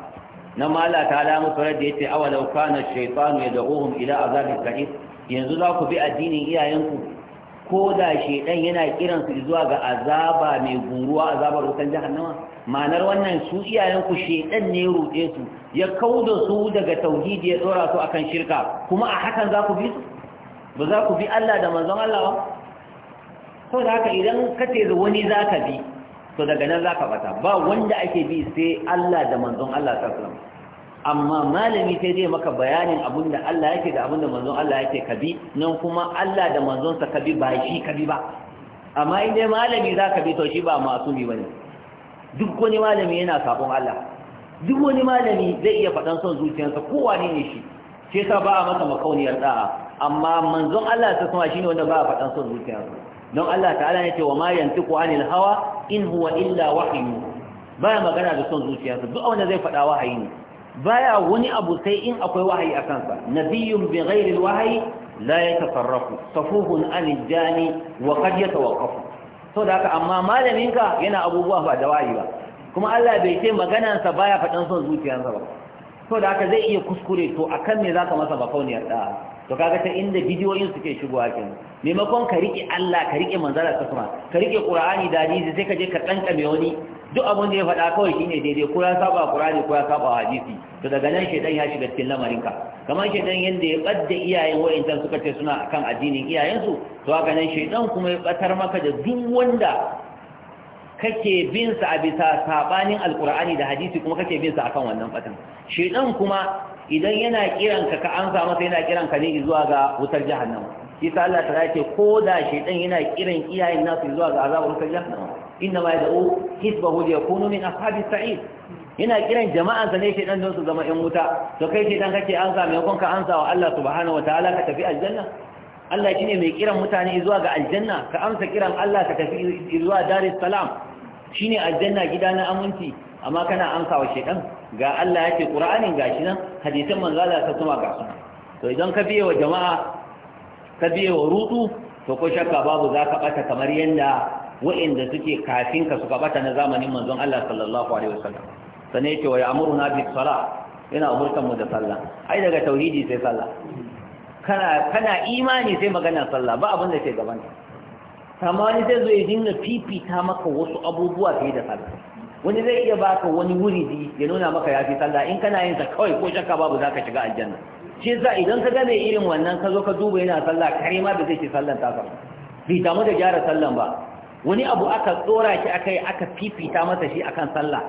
nan ma Allah ta ala musu radda yace awalau kana shaytanu yad'uhum ila azabil sa'ir yanzu za ku bi addinin iyayenku ko da shedan yana kiran zuwa ga azaba mai guruwa azabar wutan jahannama ma'anar wannan su iyayen ku shedan ne ruɗe su ya kauda su daga tauhidi ya dora su akan shirka kuma a hakan za ku bi su ba za ku bi Allah da manzon Allah ba ko da haka idan ka ce da wani za ka bi to daga nan za ka bata ba wanda ake bi sai Allah da manzon Allah sallallahu alaihi wasallam amma malami sai zai maka bayanin abin da Allah yake da abin da manzon Allah yake kabi nan kuma Allah da manzonsa kabi ba shi kabi ba amma in malami za ka bi to shi ba masumi bane duk wani malami yana sabon Allah duk wani malami zai iya faɗan son zuciyarsa kowa ne ne shi shi yasa ba a masa makauniyar da'a amma manzon Allah ta kuma shine wanda ba a faɗan son zuciyarsa don Allah ta'ala ne ce wa ma yantiqu anil hawa in huwa illa wahyu ba magana da son zuciyarsa duk wanda zai faɗa wahayi ne baya wani abu sai in akwai wahayi a kansa nabiyyun bi ghairi alwahyi la yatasarrafu safuhun an jani wa qad yatawaqqafu to da haka amma malaminka yana abubuwa ba da wahayi ba kuma Allah bai ce maganarsa baya faɗan son zuciyarsa ba so da haka zai iya kuskure to akan me zaka masa bafauniyar da to kaga ta inda bidiyoyin suke shigowa kin maimakon ka rike Allah ka rike manzara ta kuma ka rike Qur'ani da hadisi sai ka je ka me wani duk abun da ya faɗa kawai shine daidai ko ya saba Qur'ani ko ya saba hadisi to daga nan shedan ya shiga cikin ka kamar shedan yanda ya badda iyayen wayancan suka ce suna akan addinin iyayensu to haka nan shedan kuma ya batar maka da duk wanda kake bin sa a bisa saɓanin Alƙur'ani da hadisi kuma kake bin sa akan wannan fatan shedan kuma idan yana kiran ka ka amsa masa yana kiran ka ne zuwa ga wutar jahannama shi ta Allah ta ce ko da shedan yana kiran iyayen nasu zuwa ga azabar wutar jahannama inna ma yad'u hisbahu liyakunu min ashabis sa'id yana kiran jama'ansa ne shi don su zama ƴan wuta to kai shi dan kake ansa maimakon ka ansa wa Allah subhanahu wataala ka tafi aljanna Allah shine mai kiran mutane zuwa ga aljanna ka amsa kiran Allah ka tafi zuwa daris salam shine aljanna gida na aminci amma kana an kawo ga Allah yake ga gashi nan hadisan manzala ta kuma su to idan ka biye wa jama'a ka biye wa rudu to ko shakka babu za ka bata kamar yadda, wa'inda suke kafin ka suka bata na zamanin manzon Allah sallallahu alaihi wasallam sanai yake wa ya'muruna bi salah yana umurtan mu da sallah ai daga tauhidi sai sallah kana kana imani sai magana sallah ba abin da ke gaban ka amma wani zai zo ya dinga fifita maka wasu abubuwa fiye da sallah wani zai iya baka wani wuridi ya nuna maka ya fi sallah in kana yin sa kawai ko shakka babu za ka shiga aljanna shi za idan ka gane irin wannan ka zo ka duba yana sallah kare ma ba zai ce sallan ta ba bai da gyara sallan ba wani abu aka tsora shi akai aka fifita masa shi akan sallah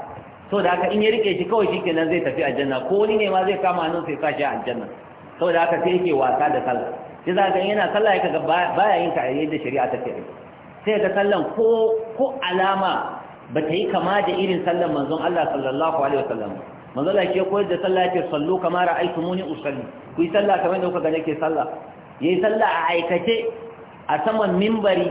to da haka in ya rike shi kawai shikenan zai tafi aljanna ko wani ne ma zai kama nan sai sashi aljanna saboda haka sai yake wasa da sallah shi za ka yana sallah yake ga baya yin ta da shari'a ta ce sai ga sallan ko ko alama ba ta yi kama da irin sallan manzon Allah sallallahu alaihi wasallam manzon Allah ke koyar da sallah yake sallu kama ra'aytumuni usalli ku yi sallah kamar da kuka ga nake sallah yayi sallah a aikace a saman minbari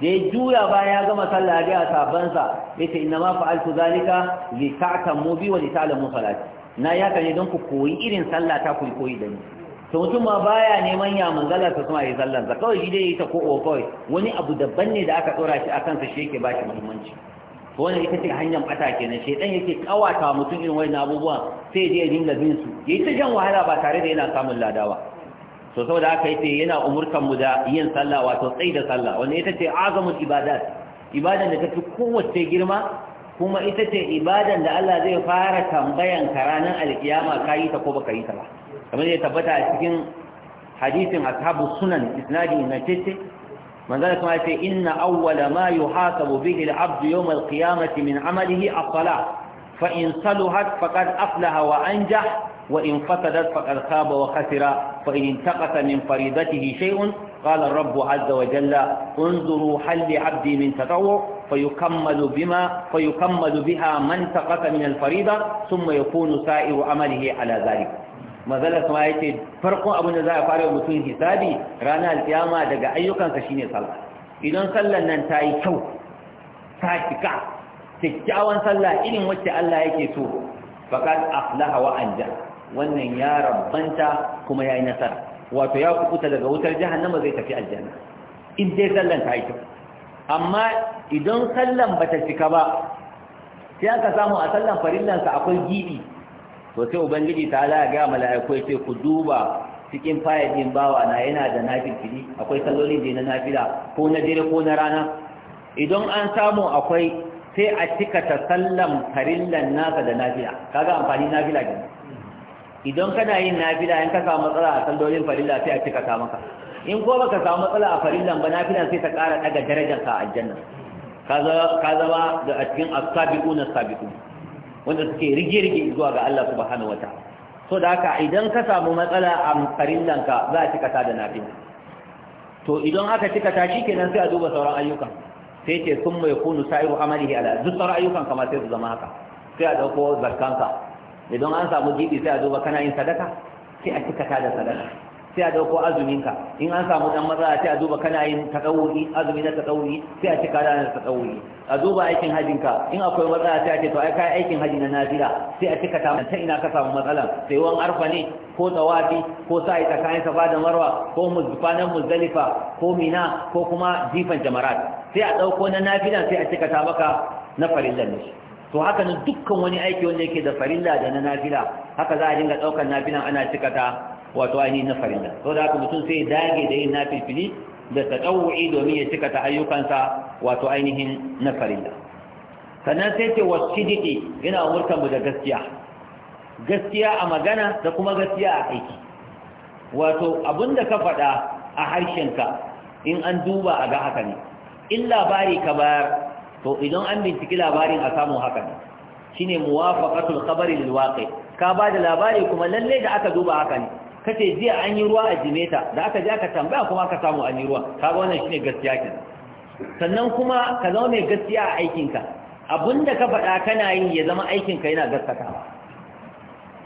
da ya juya baya ya gama sallah ga sabansa yace inna ma fa'altu zalika li ta'tamu bi wa li ta'lamu salati na yaka ne don ku koyi irin sallah ta ku koyi da ni to mutum ma baya neman ya manzala ta kuma yi zallan za kawai shi dai yi ta ko kawai wani abu daban ne da aka tsora shi a kansa shi yake ba shi muhimmanci ko wannan ita ce hanyar bata kenan shedan yake kawata mutum irin wani abubuwa sai dai ya dinga bin su yayi ta jan wahala ba tare da yana samun ladawa to saboda yi yace yana umurkan mu da yin sallah wato tsayi da sallah wani ita ce azamul ibadat ibadan da fi kowace girma kuma ita ce ibadan da Allah zai fara tambayan ka ranar alkiyama yi ta ko baka yi ta ba kamar ya tabbata a cikin hadisin ashabu sunan isnadi ingantacce manzon kuma ya ce inna awwala ma yuhasabu bihi al-abd yawm al-qiyamati min amalihi as-salah fa in saluhat faqad aflaha wa anja wa in fasadat faqad khaba wa khasira fa in intaqasa min faridatihi shay'un قال الرب عز unzuru انظروا هل abdi من تطوع فيكمل بما فيكمل بها من سقط من الفريضة ثم يكون سائر عمله على ذلك mazala kuma yake farkon abin da za a fara mutum hisabi ranar alkiyama daga ayyukansa shine sallah idan sallan nan ta yi kyau ta cika kyakkyawan sallah irin wacce Allah yake so faqad aflaha wa anja wannan ya rabbanta kuma ya yi nasara wato ya kubuta daga wutar jahannama zai tafi aljanna in dai sallan ta yi kyau amma idan sallan ba ta cika ba sai aka samu a sallan farillansa akwai gidi. to sai ubangiji ta ala ga mala'iku ya ce ku duba cikin fayil din bawa na yana da nafili akwai sallolin da na nafila ko na dare ko na rana idan an samu akwai sai a cika ta sallan farillan naka da nafila kaga amfani nafila ne idan kana yin nafila in ka samu matsala a sallolin farilla sai a cika ta maka in ko baka samu matsala a farillan ba nafila sai ta ƙara daga darajar ka a aljanna ka zama da a cikin as-sabiquna as wanda suke rige-rige zuwa ga Allah subhanahu wataala so da haka idan ka samu matsala a farillan ka za a cika ta da nafila to idan aka cika ta shikenan sai a duba sauran ayyukan sai ce sun mai kunu sa'iru amalihi ala duk sauran ayyukan kama sai su zama haka sai a dauko zakkanka idan an samu gibi sai a duba kana yin sadaka sai a cika ta da sadaka sai a dauko azuminka in an samu dan matsala sai a duba kana yin tadawuri azumi na tadawuri sai a ci kada na tadawuri a duba aikin hajinka in akwai matsala sai a ce to ai kai aikin haji na nafila sai a cika ta ta ina ka samu matsala sai wan arfa ne ko tawafi ko sai tsakanin safa da marwa ko muzfanan muzdalifa ko mina ko kuma jifan jamarat sai a dauko na nafila sai a ci ta maka na farillan ne to haka ne dukkan wani aiki wanda yake da farilla da na nafila haka za a dinga daukan nafilan ana cikata. wato ainihin na farilla so da haka mutum sai dage da yin nafilfili da ta tatawu'i domin ya cika ta ayyukansa wato ainihin na farilla sannan sai ce wa sidiki yana umurtar mu da gaskiya gaskiya a magana da kuma gaskiya a aiki wato abinda ka faɗa a harshenka in an duba a ga haka ne in labari ka bayar to idan an binciki labarin a samu haka ne shine muwafaqatul khabari lil waqi ka ba da labari kuma lalle da aka duba haka ne kace jiya an yi ruwa a jimeta da aka ji aka tambaya kuma aka samu an yi ruwa kaga wannan shine gaskiya ke sannan kuma ka zama mai gaskiya a aikinka abinda ka faɗa kana yi ya zama aikinka yana gaskatawa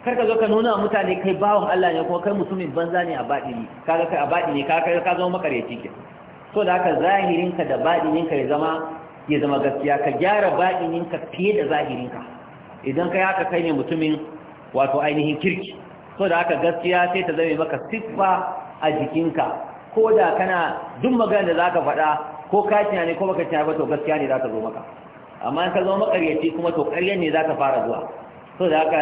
kar ka zo ka nuna mutane kai bawan Allah ne kuma kai mutumin banza ne a baɗini kaga kai a baɗini kaga ka zama makareci ke so da haka zahirinka da baɗininka ya zama ya zama gaskiya ka gyara baɗininka fiye da zahirinka idan kai haka kai ne mutumin wato ainihin kirki so da haka gaskiya sai ta zame maka siffa a jikinka ko da kana duk magana da zaka faɗa ko ka tuna ne ko baka tuna ba to gaskiya ne zaka zo maka amma in ka zo makaryaci kuma to ƙarya ne zaka fara zuwa so da haka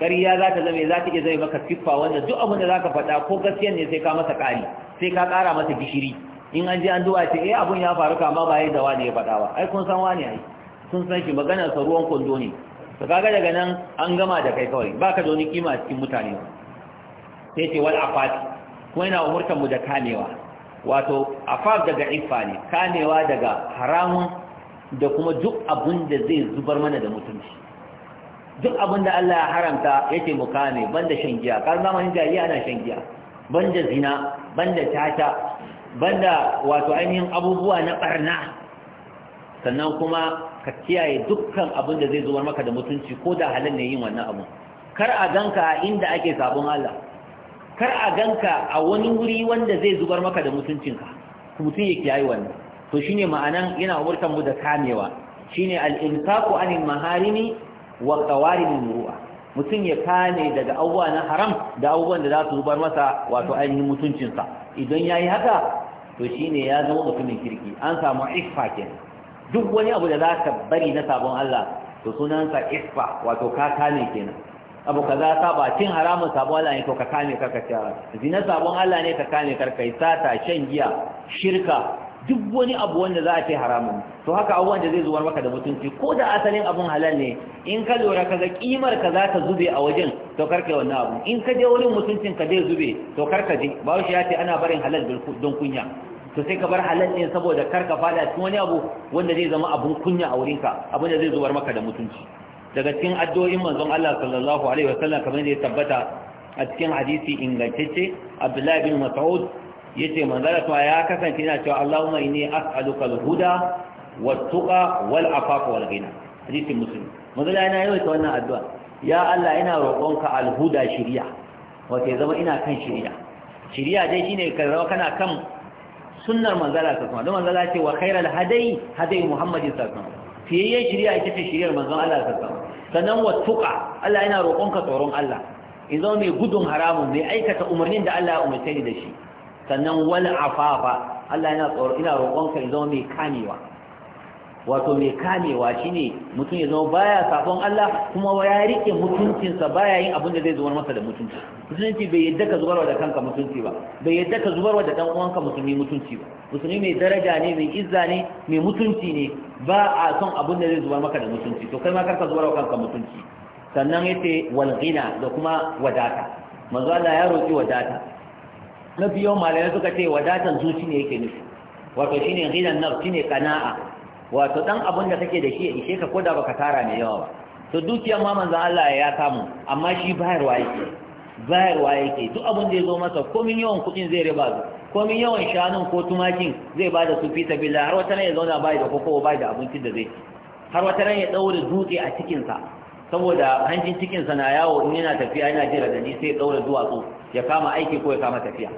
ƙarya za ta zame za ta iya zame maka siffa wanda duk abin da ka faɗa ko gaskiya ne sai ka masa ƙari sai ka ƙara masa gishiri in an je an duba ce eh abun ya faru kama ba yadda wani ya faɗa ba ai kun san wani ai sun san shi magana sa ruwan kwando ne to kaga daga nan an gama da kai kawai baka da wani kima a cikin mutane sai ce wal afaf, kuma yana umurtar mu da kamewa wato afaf daga ifa ne kamewa daga haramun da kuma duk abin da zai zubar mana da mutunci duk abin da Allah ya haramta yake mu kame banda shan giya kar zamanin jariya ana shan giya banda zina banda tata banda wato ainihin abubuwa na barna sannan kuma ka kiyaye dukkan abin da zai zo maka da mutunci ko da halin ne yin wannan abu kar a ganka a inda ake sabon Allah kar a ganka a wani wuri wanda zai zubar maka da mutuncinka ku mutun yake yayi wannan to shine ma'anan yana umurtan mu da kamewa shine al insaku anil maharimi wa al muru'a mutum ya kame daga abubuwa na haram da abubuwan da za su zubar masa wato ainihin mutuncinsa idan yayi haka to shine ya zama mutumin kirki an samu ikfa kenan duk wani abu da za ka bari na sabon Allah to sunansa isfa wato ka kame kenan abu za ta ba cin haramun sabon Allah ne to ka kame karka ci zina sabon Allah ne ka kame karka yi sata shan giya shirka duk wani abu wanda za a ce haramun to haka abubuwan da zai zuwar maka da mutunci ko da asalin abun halal ne in ka lura ka ga kimar ka za ta zube a wajen to karka yi wannan abu in ka je wurin mutuncin ka zai zube to karka je ba shi ya ce ana barin halal don kunya to sai ka bar halal ne saboda kar ka fada cikin wani abu wanda zai zama abun kunya a wurinka abin da zai zubar maka da mutunci daga cikin addu'o'in manzon Allah sallallahu alaihi wasallam kamar da ya tabbata a cikin hadisi ingantacce Abdullahi bin Mas'ud yace manzara ta ya kasance yana cewa Allahumma inni as'aluka al-huda wat-tuqa wal-afafa wal-ghina hadisi muslim manzara yana yawan ta wannan addu'a ya Allah ina roƙonka al-huda shiriya wato zama ina kan shiriya shiriya dai shine ka zama kana kan sunnar manzala ta kuma don manzala ce wa khairal hadai hadai muhammadin Fiye fiyayyen shirya ita ce shiryar manzon Allah sallallahu sannan wa tuqa Allah yana roƙonka tsoron Allah in zama mai gudun haramun mai aikata umarnin da Allah ya umarce ni da shi sannan wal afafa Allah yana tsoro ina roƙonka in zama mai kamewa wato mai kamewa shine mutum ya zama baya sabon Allah kuma ya rike mutuncinsa baya yin abin da zai zo masa da mutunci musulunci bai yadda ka zubarwa da kanka mutunci ba bai yadda ka zubarwa da dan uwanka musulmi mutunci ba musulmi mai daraja ne mai izza ne mai mutunci ne ba a son abin da zai zubar maka da mutunci to kai ma karka zubarwa kanka mutunci sannan yace wal ghina da kuma wadata manzo Allah ya roki wadata na biyo malamai suka ce wadatan zuci ne yake nufi wato shine ghinan nafs shine kana'a wato dan abin da kake da shi ya ishe ka koda baka tara mai yawa ba to dukiyar ma manzo Allah ya samu amma shi bayarwa yake bayarwa yake duk abin da ya zo masa komin yawan kuɗin zai riba su komin yawan shanun ko tumakin zai ba da su fita billa, har wata ran ya zauna bai da koko bai da abincin da zai ci har wata ran ya ɗaure dutse a cikinsa saboda hancin cikinsa na yawo in yana tafiya yana jira da ni sai ya ɗaure duwatsu ya kama aiki ko ya kama tafiya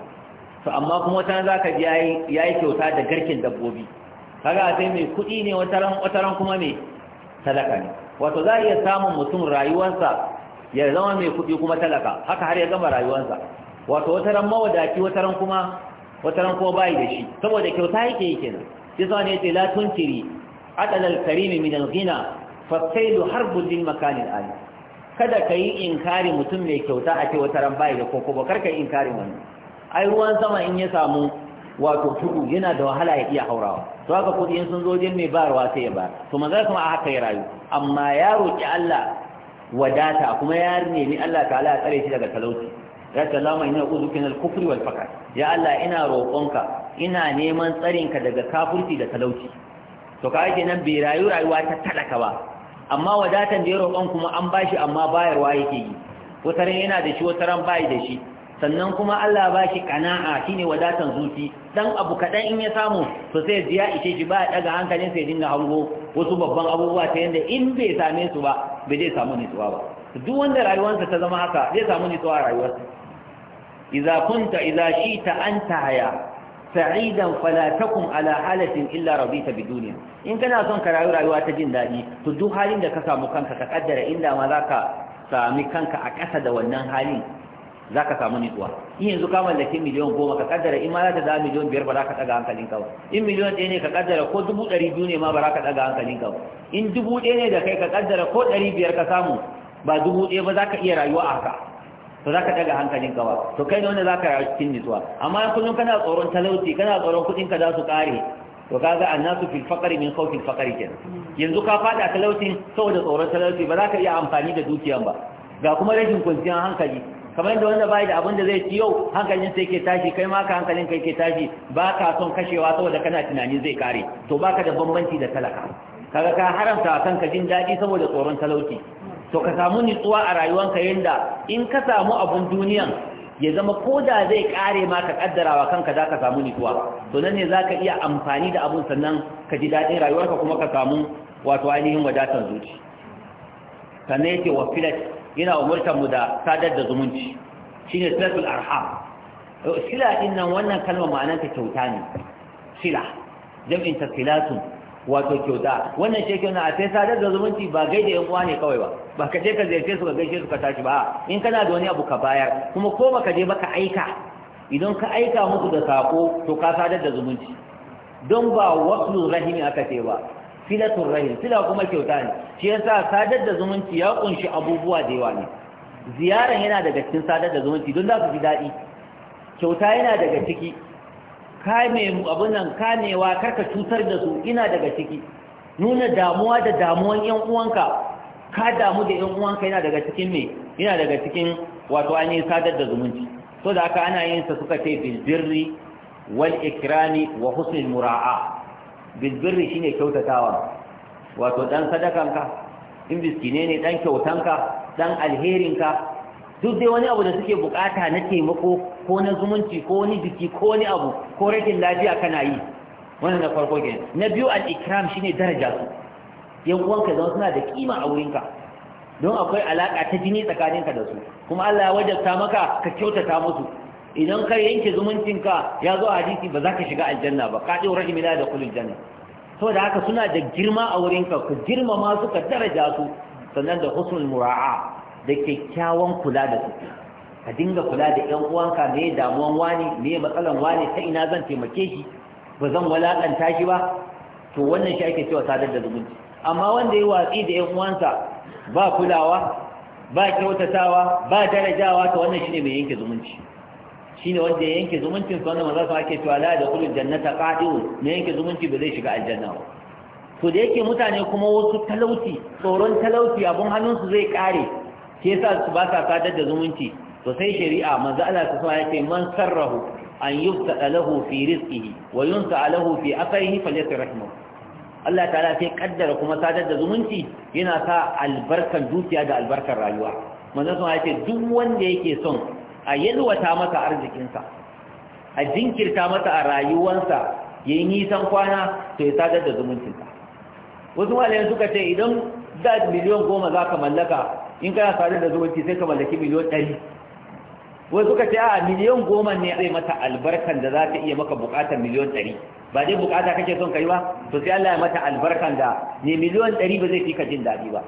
to amma kuma wata za ka ji ya yi kyauta da garkin dabbobi kaga sai mai kuɗi ne wata ran kuma mai sadaka ne wato za a iya samun mutum rayuwarsa ya zama mai kuɗi kuma talaka haka har ya gama rayuwarsa wato wata ran mawadaci wata ran kuma wata ran kuma bai da shi saboda kyauta yake yi kenan shi sa ne yace la tunkiri adalal karim min al-ghina fa saylu harbu lil makan al kada kai inkari mutum mai kyauta a ce wata ran bai da koko ba karka inkari wannan ai ruwan sama in ya samu wato tudu yana da wahala ya iya haurawa to haka kudi sun zo jin mai barwa sai ya ba to maza kuma a haka ya rayu amma ya roki Allah wadata kuma ya nemi Allah ta'ala ya tsare shi daga talauci ya ce Allah mai ina uzu kinal kufri wal fakar. ya Allah ina roƙonka ina neman tsarinka daga kafirci da talauci to ka ake nan bai rayu rayuwa ta talaka ba amma wadatan da ya roƙon kuma an bashi amma bayarwa yake yi wataran yana da shi wataran bai da shi sannan kuma Allah ba shi kana'a shine wadatan zuci dan abu kadan in ya samu to sai ya ishe shi ba daga hankalin sai dinga hango wasu babban abubuwa ta yanda in bai same su ba bai zai samu nutsuwa ba duk wanda rayuwarsa ta zama haka zai samu nutsuwa a rayuwarsa Iza kunta idza shita ta haya sa'idan fala ala halatin illa rabita duniya. in kana son ka rayu rayuwa ta jin daɗi, to duk halin da ka samu kanka ka kaddara inda ma ka sami kanka a ƙasa da wannan halin za ka samu nutsuwa in yanzu ka mallaki miliyan goma ka kaddara in ma za ta da miliyan biyar ba za ka ɗaga hankalin ka ba in miliyan ɗaya ne ka kaddara ko dubu ɗari biyu ne ma ba za ka ɗaga hankalin ka ba in dubu ɗaya ne da kai ka kaddara ko ɗari biyar ka samu ba dubu ɗaya ba za ka iya rayuwa a haka to za ka ɗaga hankalin ka ba to kai ne wanda za ka rayu cikin nutsuwa amma kullum kana tsoron talauci kana tsoron kuɗin ka za su ƙare to ka ga annasu fil faqri min khawfil faqri kenan yanzu ka fada talauci saboda tsoron talauci ba za ka iya amfani da dukiyan ba ga kuma rashin kwanciyar hankali kamar yadda wanda bai da abin da zai ci yau hankalin sai ke tashi kai ma ka hankalin kai ke tashi ba ka son kashewa saboda kana tunani zai kare to baka da bambanci da talaka kaga ka haramta kanka jin daɗi saboda tsoron talauci to ka samu nutsuwa a rayuwanka yanda in ka samu abun duniyan ya zama ko da zai kare ma ka kaddarawa kanka za ka samu nutsuwa to nan ne za ka iya amfani da abun sannan ka ji daɗin rayuwarka kuma ka samu wato ainihin wadatar zuci sannan yake wa filat yana umurtar mu da sadar da zumunci shine silatul arham sila din wannan kalmar ma'anar ta kyauta ne sila jam'in ta silatun wato kyauta wannan shi na a sai sadar da zumunci ba gaida yan uwa ne kawai ba ba ka je ka ziyarce su ka gaishe su ka tashi ba in kana da wani abu ka bayar kuma ko ka je ba ka aika idan ka aika musu da sako to ka sadar da zumunci don ba wasu rahimi aka ce ba filatun rahim fila kuma kyauta ne shi yasa sadar da zumunci ya kunshi abubuwa da yawa ne ziyaran yana daga cikin sadar da zumunci don za su ji daɗi kyauta yana daga ciki kame abin nan kamewa karka cutar da su ina daga ciki nuna damuwa da damuwan yan uwanka ka damu da yan uwanka yana daga cikin me yana daga cikin wato yi sadar da zumunci so da haka ana yin sa suka ce bil birri wal ikrami wa husnul mura'a bilbirri shine kyautatawa wato ɗan sadakanka in biskine ne dan kyautanka dan alherinka duk dai wani abu da suke bukata na taimako ko na zumunci ko wani jiki ko wani abu ko rashin lafiya kana yi wannan na farko ke. na biyu al ikram shine daraja su yan uwanka zama suna da kima a wurinka don akwai alaka ta jini tsakaninka da su kuma Allah ya wajabta maka ka kyautata musu idan ka yanke zumuncin ka ya zo a hadisi ba za ka shiga aljanna ba ka ɗora imila da kulul janna saboda haka suna da girma a wurinka ku girmama su ka daraja su sannan da husnul mura'a da kyakkyawan kula da su ka dinga kula da ƴan uwanka me damuwan wani me matsalan wani ta ina zan taimake shi ba zan walakanta shi ba to wannan shi ake cewa sadar da zumunci amma wanda ya watsi da ƴan uwansa ba kulawa ba kyautatawa ba darajawa to wannan ne mai yanke zumunci shine wanda ya yanke zumuncin a wanda manzo sa ake cewa la da kullu jannata qadiu ne yanke zumunci ba zai shiga aljanna ba to da yake mutane kuma wasu talauci tsoron talauci abun hannunsu zai kare ke yasa su ba sa sadar da zumunci to sai shari'a manzo Allah ta sa yake man sarrahu an yufta lahu fi rizqihi wa yunsa lahu fi aqrihi falyasrahu Allah ta'ala sai kaddara kuma sadar da zumunci yana sa albarkan dukiya da albarkan rayuwa manzo sun yake duk wanda yake son a yalwata masa arzikinsa a jinkirta masa a rayuwarsa ya yi nisan kwana to ya sadar da zumuncinsa wasu malayan suka ce idan da miliyon goma za ka mallaka in kana sadar da zumunci sai ka mallaki miliyon ɗari wasu suka ce a miliyon goma ne zai mata albarkan da za ta iya maka buƙatar miliyon ɗari ba dai bukata kake son kai ba to sai Allah ya mata albarkan da ne miliyon 100 ba zai fi ka jin dadi ba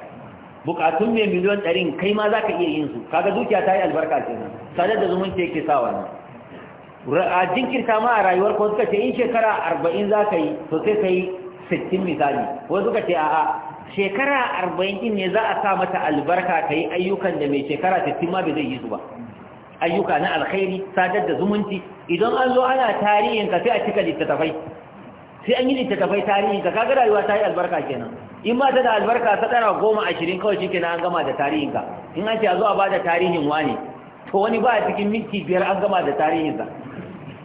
bukatun mai miliyon ɗari kai ma za ka iya yin su kaga dukiya ta yi albarka ce nan sadar da zumunci yake sa wannan a jinkirta ma a rayuwar ko suka ce in shekara arba'in za ka yi to sai ka yi sittin misali ko suka ce a'a shekara arba'in ɗin ne za a sa mata albarka ka yi ayyukan da mai shekara sittin ma bai zai yi su ba ayyuka na alkhairi sadar da zumunci idan an zo ana tarihin ka sai a cika littattafai sai an yi littattafai tarihin ka kaga rayuwa ta yi albarka kenan in ba ta da albarka ta tana goma ashirin kawai shi na an gama da tarihinka in an ce a zo a ba da tarihin wani to wani ba a cikin minti biyar an gama da tarihinsa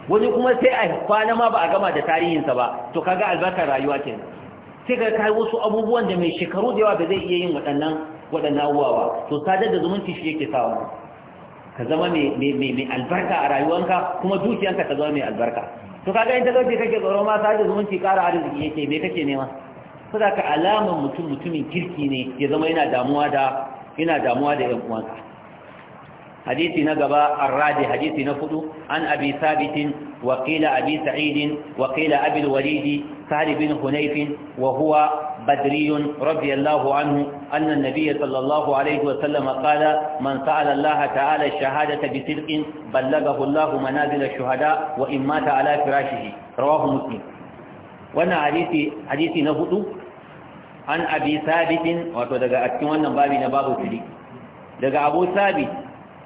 wani kuma sai a kwana ma ba a gama da tarihinsa ba to kaga albarkar rayuwa ke sai ka kai wasu abubuwan da mai shekaru da yawa ba zai iya yin waɗannan waɗannan abubuwa ba to sadar da zumunci shi yake sawa ka zama mai albarka a rayuwanka kuma dukiyanka ta zama mai albarka to kaga in ta zauce kake tsoro ma sadar da zumunci kara arziki yake me kake nema saboda ka alamar mutum mutumin kirki ne ya zama yana damuwa da yan uwansa hadisi na gaba an radi hadisi na hudu an abi Sabitin, Wakila qila abi sa'id wa qila abi al-walid sa'id bin hunayf wa huwa badri radiyallahu anhu sallallahu alayhi wa sallam qala man sa'ala ta'ala ash-shahadata bi sidqin ballaghahu allah manazil ash-shuhada wa imma rawahu muslim wannan hadisi na hudu an abi sabitin wato daga a cikin wannan babi na babu tuli daga abu sabit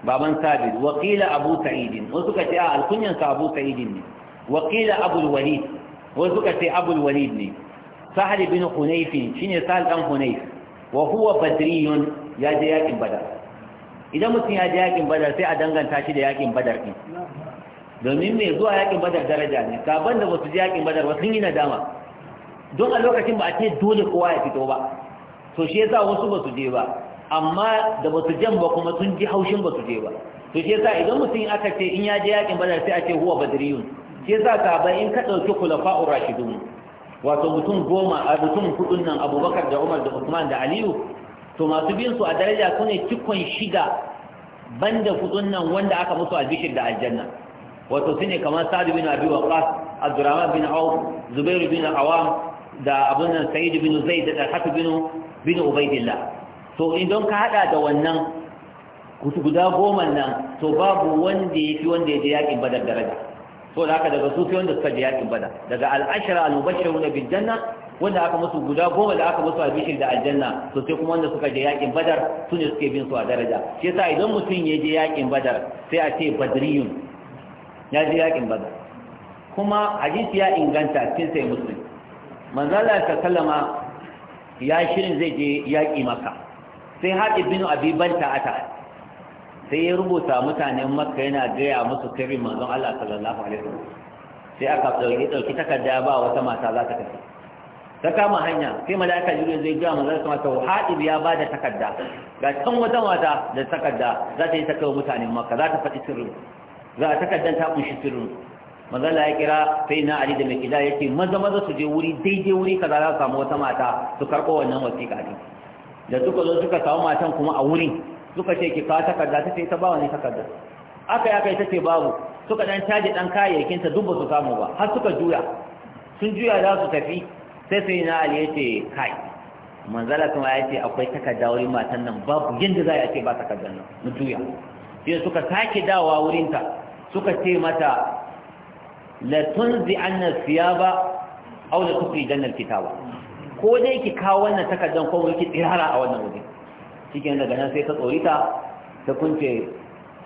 baban sabit wakila abu sa'idin wasu suka ce a alkunyan sa abu sa'idin ne wakila abul walid wasu suka ce abul walid ne sahal bin hunayfin shine sahal dan hunayf wa huwa badriyun ya je yakin badar idan mutum ya je yakin badar sai a danganta shi da yakin badar din domin mai zuwa yakin badar daraja ne saban da wasu je yakin badar wasu yi nadama don a lokacin ba a ce dole kowa ya fito ba to shi yasa wasu ba su je ba amma da ba su jan ba kuma sun ji haushin ba su je ba to shi yasa idan mutum aka ce in ya je yakin badar sai a ce huwa badriyun shi yasa ka in ka dauki kulafa urashidun wato mutum goma a mutum hudun nan abubakar da umar da usman da aliyu to masu bin su a daraja su ne cikon shida banda hudun nan wanda aka musu albishir da aljanna wato su ne kamar sadu bin abi waqas abdurrahman bin auf zubairu bin awam da abun nan sa'id bin zaid da hafi bin bin ubaidillah to idan ka hada da wannan kutu guda goma nan to babu wanda ya wanda ya je badar daraja to da haka daga sufi wanda suka je yaki badar daga al-ashra al-mubashshirun bil janna wanda aka musu guda goma da aka musu albishir da aljanna to sai kuma wanda suka je yaki badar su ne suke bin su a daraja shi yasa idan mutum ya je yaki badar sai a ce badriyun ya je yaki badar kuma hadisi ya inganta cikin sai muslim manzala ta kallama ya shirin zai je yaƙi maka sai haɗi bin abiban ta'ata sai ya rubuta mutanen maka yana gaya musu kari manzon Allah sallallahu alaihi wasallam sai aka ɗauki ɗauki takarda ba wata mata za ta tafi ta kama hanya sai mala'ika jibril zai gaya manzon sama to haɗib ya ba da takarda ga can wata mata da takarda za ta yi ta kawo mutanen maka za ta faɗi sirrin za a takardar ta kunshi sirrin manzala ya kira sai na ali da mai kida ya ce maza maza su je wuri daidai wuri kaza za su samu wata mata su karɓo wannan wasiƙa din da suka zo suka samu matan kuma a wurin suka ce ki kawo takarda ta ce ta ba wani takarda aka ya kai ta ce babu suka dan caji dan kayayyakin ta duk ba su samu ba har suka juya sun juya za su tafi sai sai na ali ya ce kai manzala kuma ya ce akwai takarda wurin matan nan babu yadda za a ce ba takardar nan mu juya sai suka sake dawa wurinta suka ce mata la tunzi anna siyaba aw la tukri janna kitaba ko dai ki kawo wannan takardan ko ki tsirara a wannan waje cikin daga nan sai ta tsorita ta kunce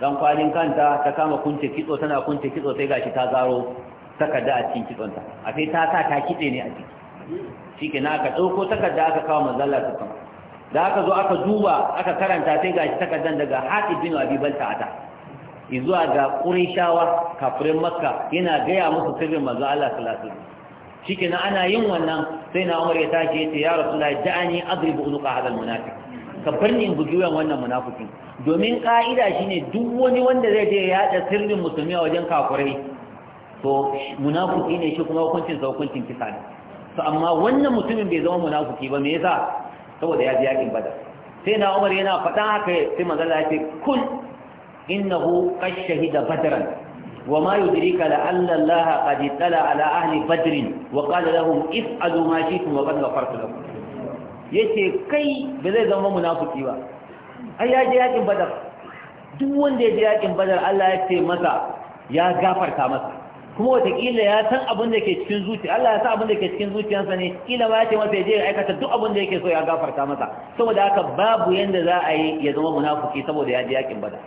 dan kwalin kanta ta kama kunce kitso tana kunce kitso sai gashi ta zaro takarda a cikin kitsonta a sai ta sa ta kitse ne a ciki na aka dauko takarda aka kawo manzalla ta kuma da aka zo aka duba aka karanta sai gashi takardan daga Hatib bin Abi ata izuwa ga shawa kafirin makka yana gaya musu sirrin manzo Allah sallallahu alaihi wasallam ana yin wannan sai na Umar ya tashi ce ya Rasulullahi da'ani adribu unuqa hadha almunafiq ka bar ni in bugi wuyan wannan munafikin domin ka'ida ne duk wani wanda zai je ya haɗa sirrin musulmi a wajen kafirai to munafiki ne shi kuma hukuncin sa hukuncin kisa ne to amma wannan mutumin bai zama munafiki ba me yasa saboda ya ji yaƙin bada sai na Umar yana faɗa haka sai manzo Allah ya ce kun. innahu qad shahida badran وما يدريك لعل الله قد اطلع على أهل بدر وقال لهم افعلوا ما شئتم وقد غفرت لكم yace kai ba zai zama munafiki ba ai ya je yakin badar duk wanda ya je yakin badar Allah ya ce masa ya gafarta masa kuma wataƙila ya san abin da ke cikin zuci, Allah ya san abin da ke cikin zuciyarsa ne kila ba ya ce masa ya je ya aikata duk abin da yake so ya gafarta masa saboda haka babu yanda za a yi ya zama munafiki saboda ya je yakin badar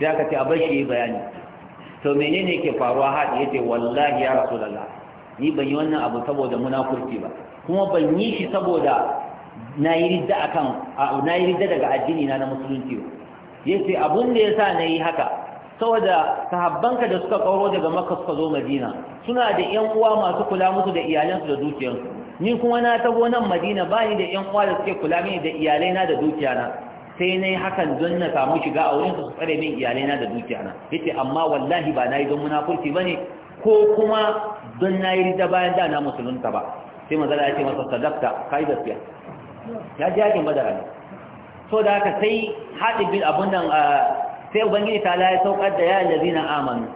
sai aka ce a bar shi bayani to menene ke faruwa haɗi ya ce wallahi ya rasu ni ban yi wannan abu saboda munafurci ba kuma ban yi shi saboda na yi ridda akan na yi ridda daga addini na na musulunci ba ya ce abun da ya sa na yi haka saboda sahabbanka da suka kauro daga makka suka zo madina suna da yan uwa masu kula musu da iyalansu da dukiyarsu ni kuma na tabo nan madina ba ni da yan uwa da suke kula mini da iyalai na da dukiyana sai nayi hakan don na samu shiga a wurin su tsare min na da dukiya na. yace amma wallahi ba nayi don munafurci bane ko kuma don nayi rida bayan da na musulunta ba sai manzala ya ce masa sadaqta kai gaskiya ya ji yakin badara ne so da haka sai hadibin abun nan sai ubangiji ta ya saukar da ya allazina amanu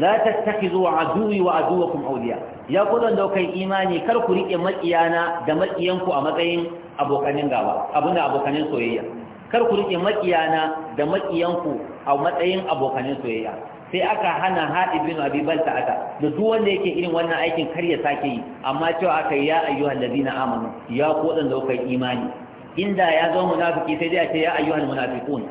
la tattakhizu aduwi wa aduwakum awliya ya kudan da kai imani kar ku rike makiyana da makiyanku a matsayin abokanin gaba abunda abokanin soyayya kar ku rike makiyana da makiyanku a matsayin abokanin soyayya sai aka hana haɗi bin abi balta aka da duk wanda yake irin wannan aikin kar ya sake yi amma cewa aka ya ayyuhal ladina amanu ya ku da kuka imani inda ya zama munafiki sai dai a ce ya ayyuhal munafiqun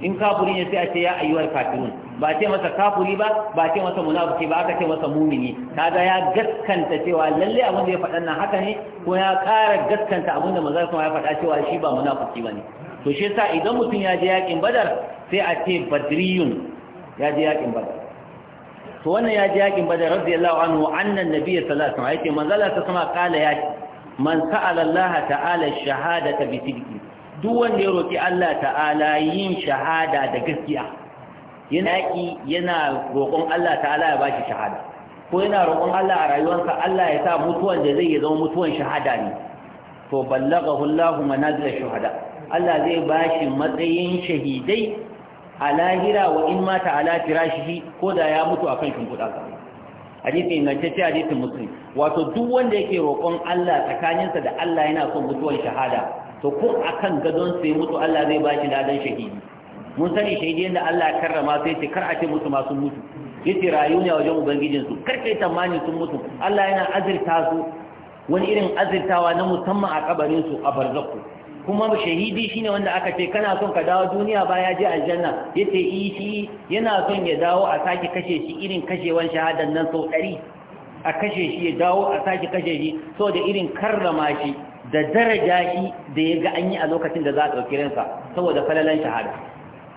in kafuri ne sai a ce ya ayyuhal kafirun ba ce masa kafiri ba ba ce masa munafiki ba aka ce masa mumini kaga ya gaskanta cewa lalle abin da ya faɗa nan haka ne ko ya ƙara gaskanta abin da manzon ya faɗa cewa shi ba munafiki bane to shi yasa idan mutum ya je yakin badar sai a ce badriyun ya je yakin badar to wannan ya je yakin badar radiyallahu anhu annan nabiy sallallahu alaihi wasallam yake manzala ta sama kala ya man sa'ala Allah ta'ala shahadata bi sidqi duk wanda ya roki Allah ta'ala yin shahada da gaskiya yana yi yana roƙon Allah ta'ala ya bashi shahada ko yana roƙon Allah a rayuwarsa Allah ya sa mutuwan da zai zama mutuwan shahada ne to ballaghahu Allah manazil shuhada Allah zai bashi matsayin shahidai a lahira wa in mata ala firashihi ko da ya mutu akan shimfiɗa sa hadisi ingantacce hadisin muslim wato duk wanda yake roƙon Allah tsakaninsa da Allah yana son mutuwar shahada to ko akan gadon sai mutu Allah zai bashi ladan shahidi mun sani shahidi yanda Allah ya karrama sai ce kar a ce mutu masu mutu yace rayu ne wajen ubangijin su kar kai tamani sun mutu Allah yana azirta su wani irin azirtawa na musamman a kabarinsu a barzakku kuma shahidi shine wanda aka ce kana son ka dawo duniya baya je aljanna yace yi eh, shi yana son ya dawo a sake kashe shi irin kashewan shahadan nan sau ɗari a kashe shi ya dawo a sake kashe shi so da irin karrama shi da daraja shi da ya ga an yi a lokacin da za a ɗauki ransa saboda falalan shahada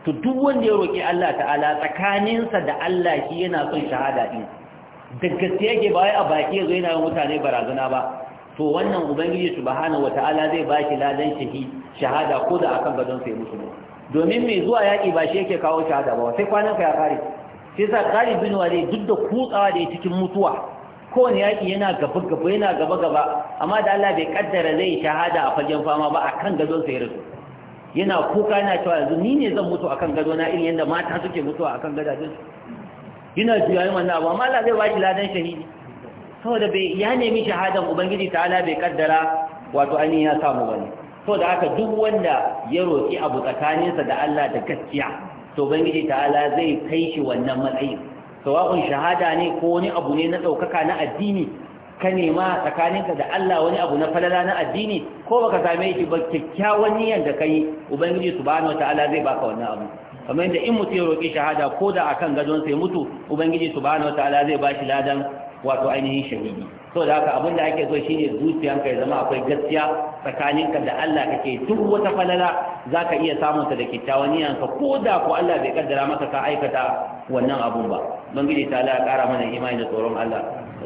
to duk wanda ya roƙi Allah ta'ala tsakaninsa da Allah shi yana son shahada din da gaske yake ba wai a baki yazo yana yin mutane barazana ba to wannan ubangiji subhanahu wataala zai ba shi ladan shi shahada ko da akan gadon sai mutu domin mai zuwa yaƙi ba shi yake kawo shahada ba sai kwanan ka ya kare sai sa kare bin wale duk da kutsawa da ya cikin mutuwa kowane yaƙi yana gaba gaba yana gaba gaba amma da Allah bai kaddara zai shahada a fagen fama ba akan gadon sai rasu yana kuka yana cewa yanzu ni ne zan mutu akan gado na irin yadda mata suke mutuwa akan gadajen su yana juyayin wannan abu amma Allah zai ba shi ladan shahidi saboda bai ya nemi shahadan ubangiji ta'ala bai kaddara wato ani ya samu bane saboda haka duk wanda ya roki abu tsakaninsa da Allah da gaskiya to ubangiji ta'ala zai kai shi wannan matsayin sawa'un shahada ne ko wani abu ne na ɗaukaka na addini ka nema tsakaninka da Allah wani abu na falala na addini ko baka same shi ba kyakkyawan niyyar da kai ubangiji subhanahu wataala zai baka wannan abu kamar yadda in mutum ya roki shahada ko da akan gadon sai mutu ubangiji subhanahu wataala zai bashi ladan wato ainihin shahidi so da haka abin da ake so shine zuciyanka ya zama akwai gaskiya tsakaninka da Allah kake duk wata falala zaka iya samun ta da kyakkyawan niyanka ko da ko Allah bai kaddara maka ka aikata wannan abun ba bangiji ta Allah ya kara mana imani da tsoron Allah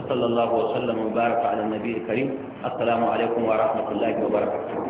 sallallahu alaihi wa sallam wa baraka ala karim assalamu alaikum wa rahmatullahi wa barakatuh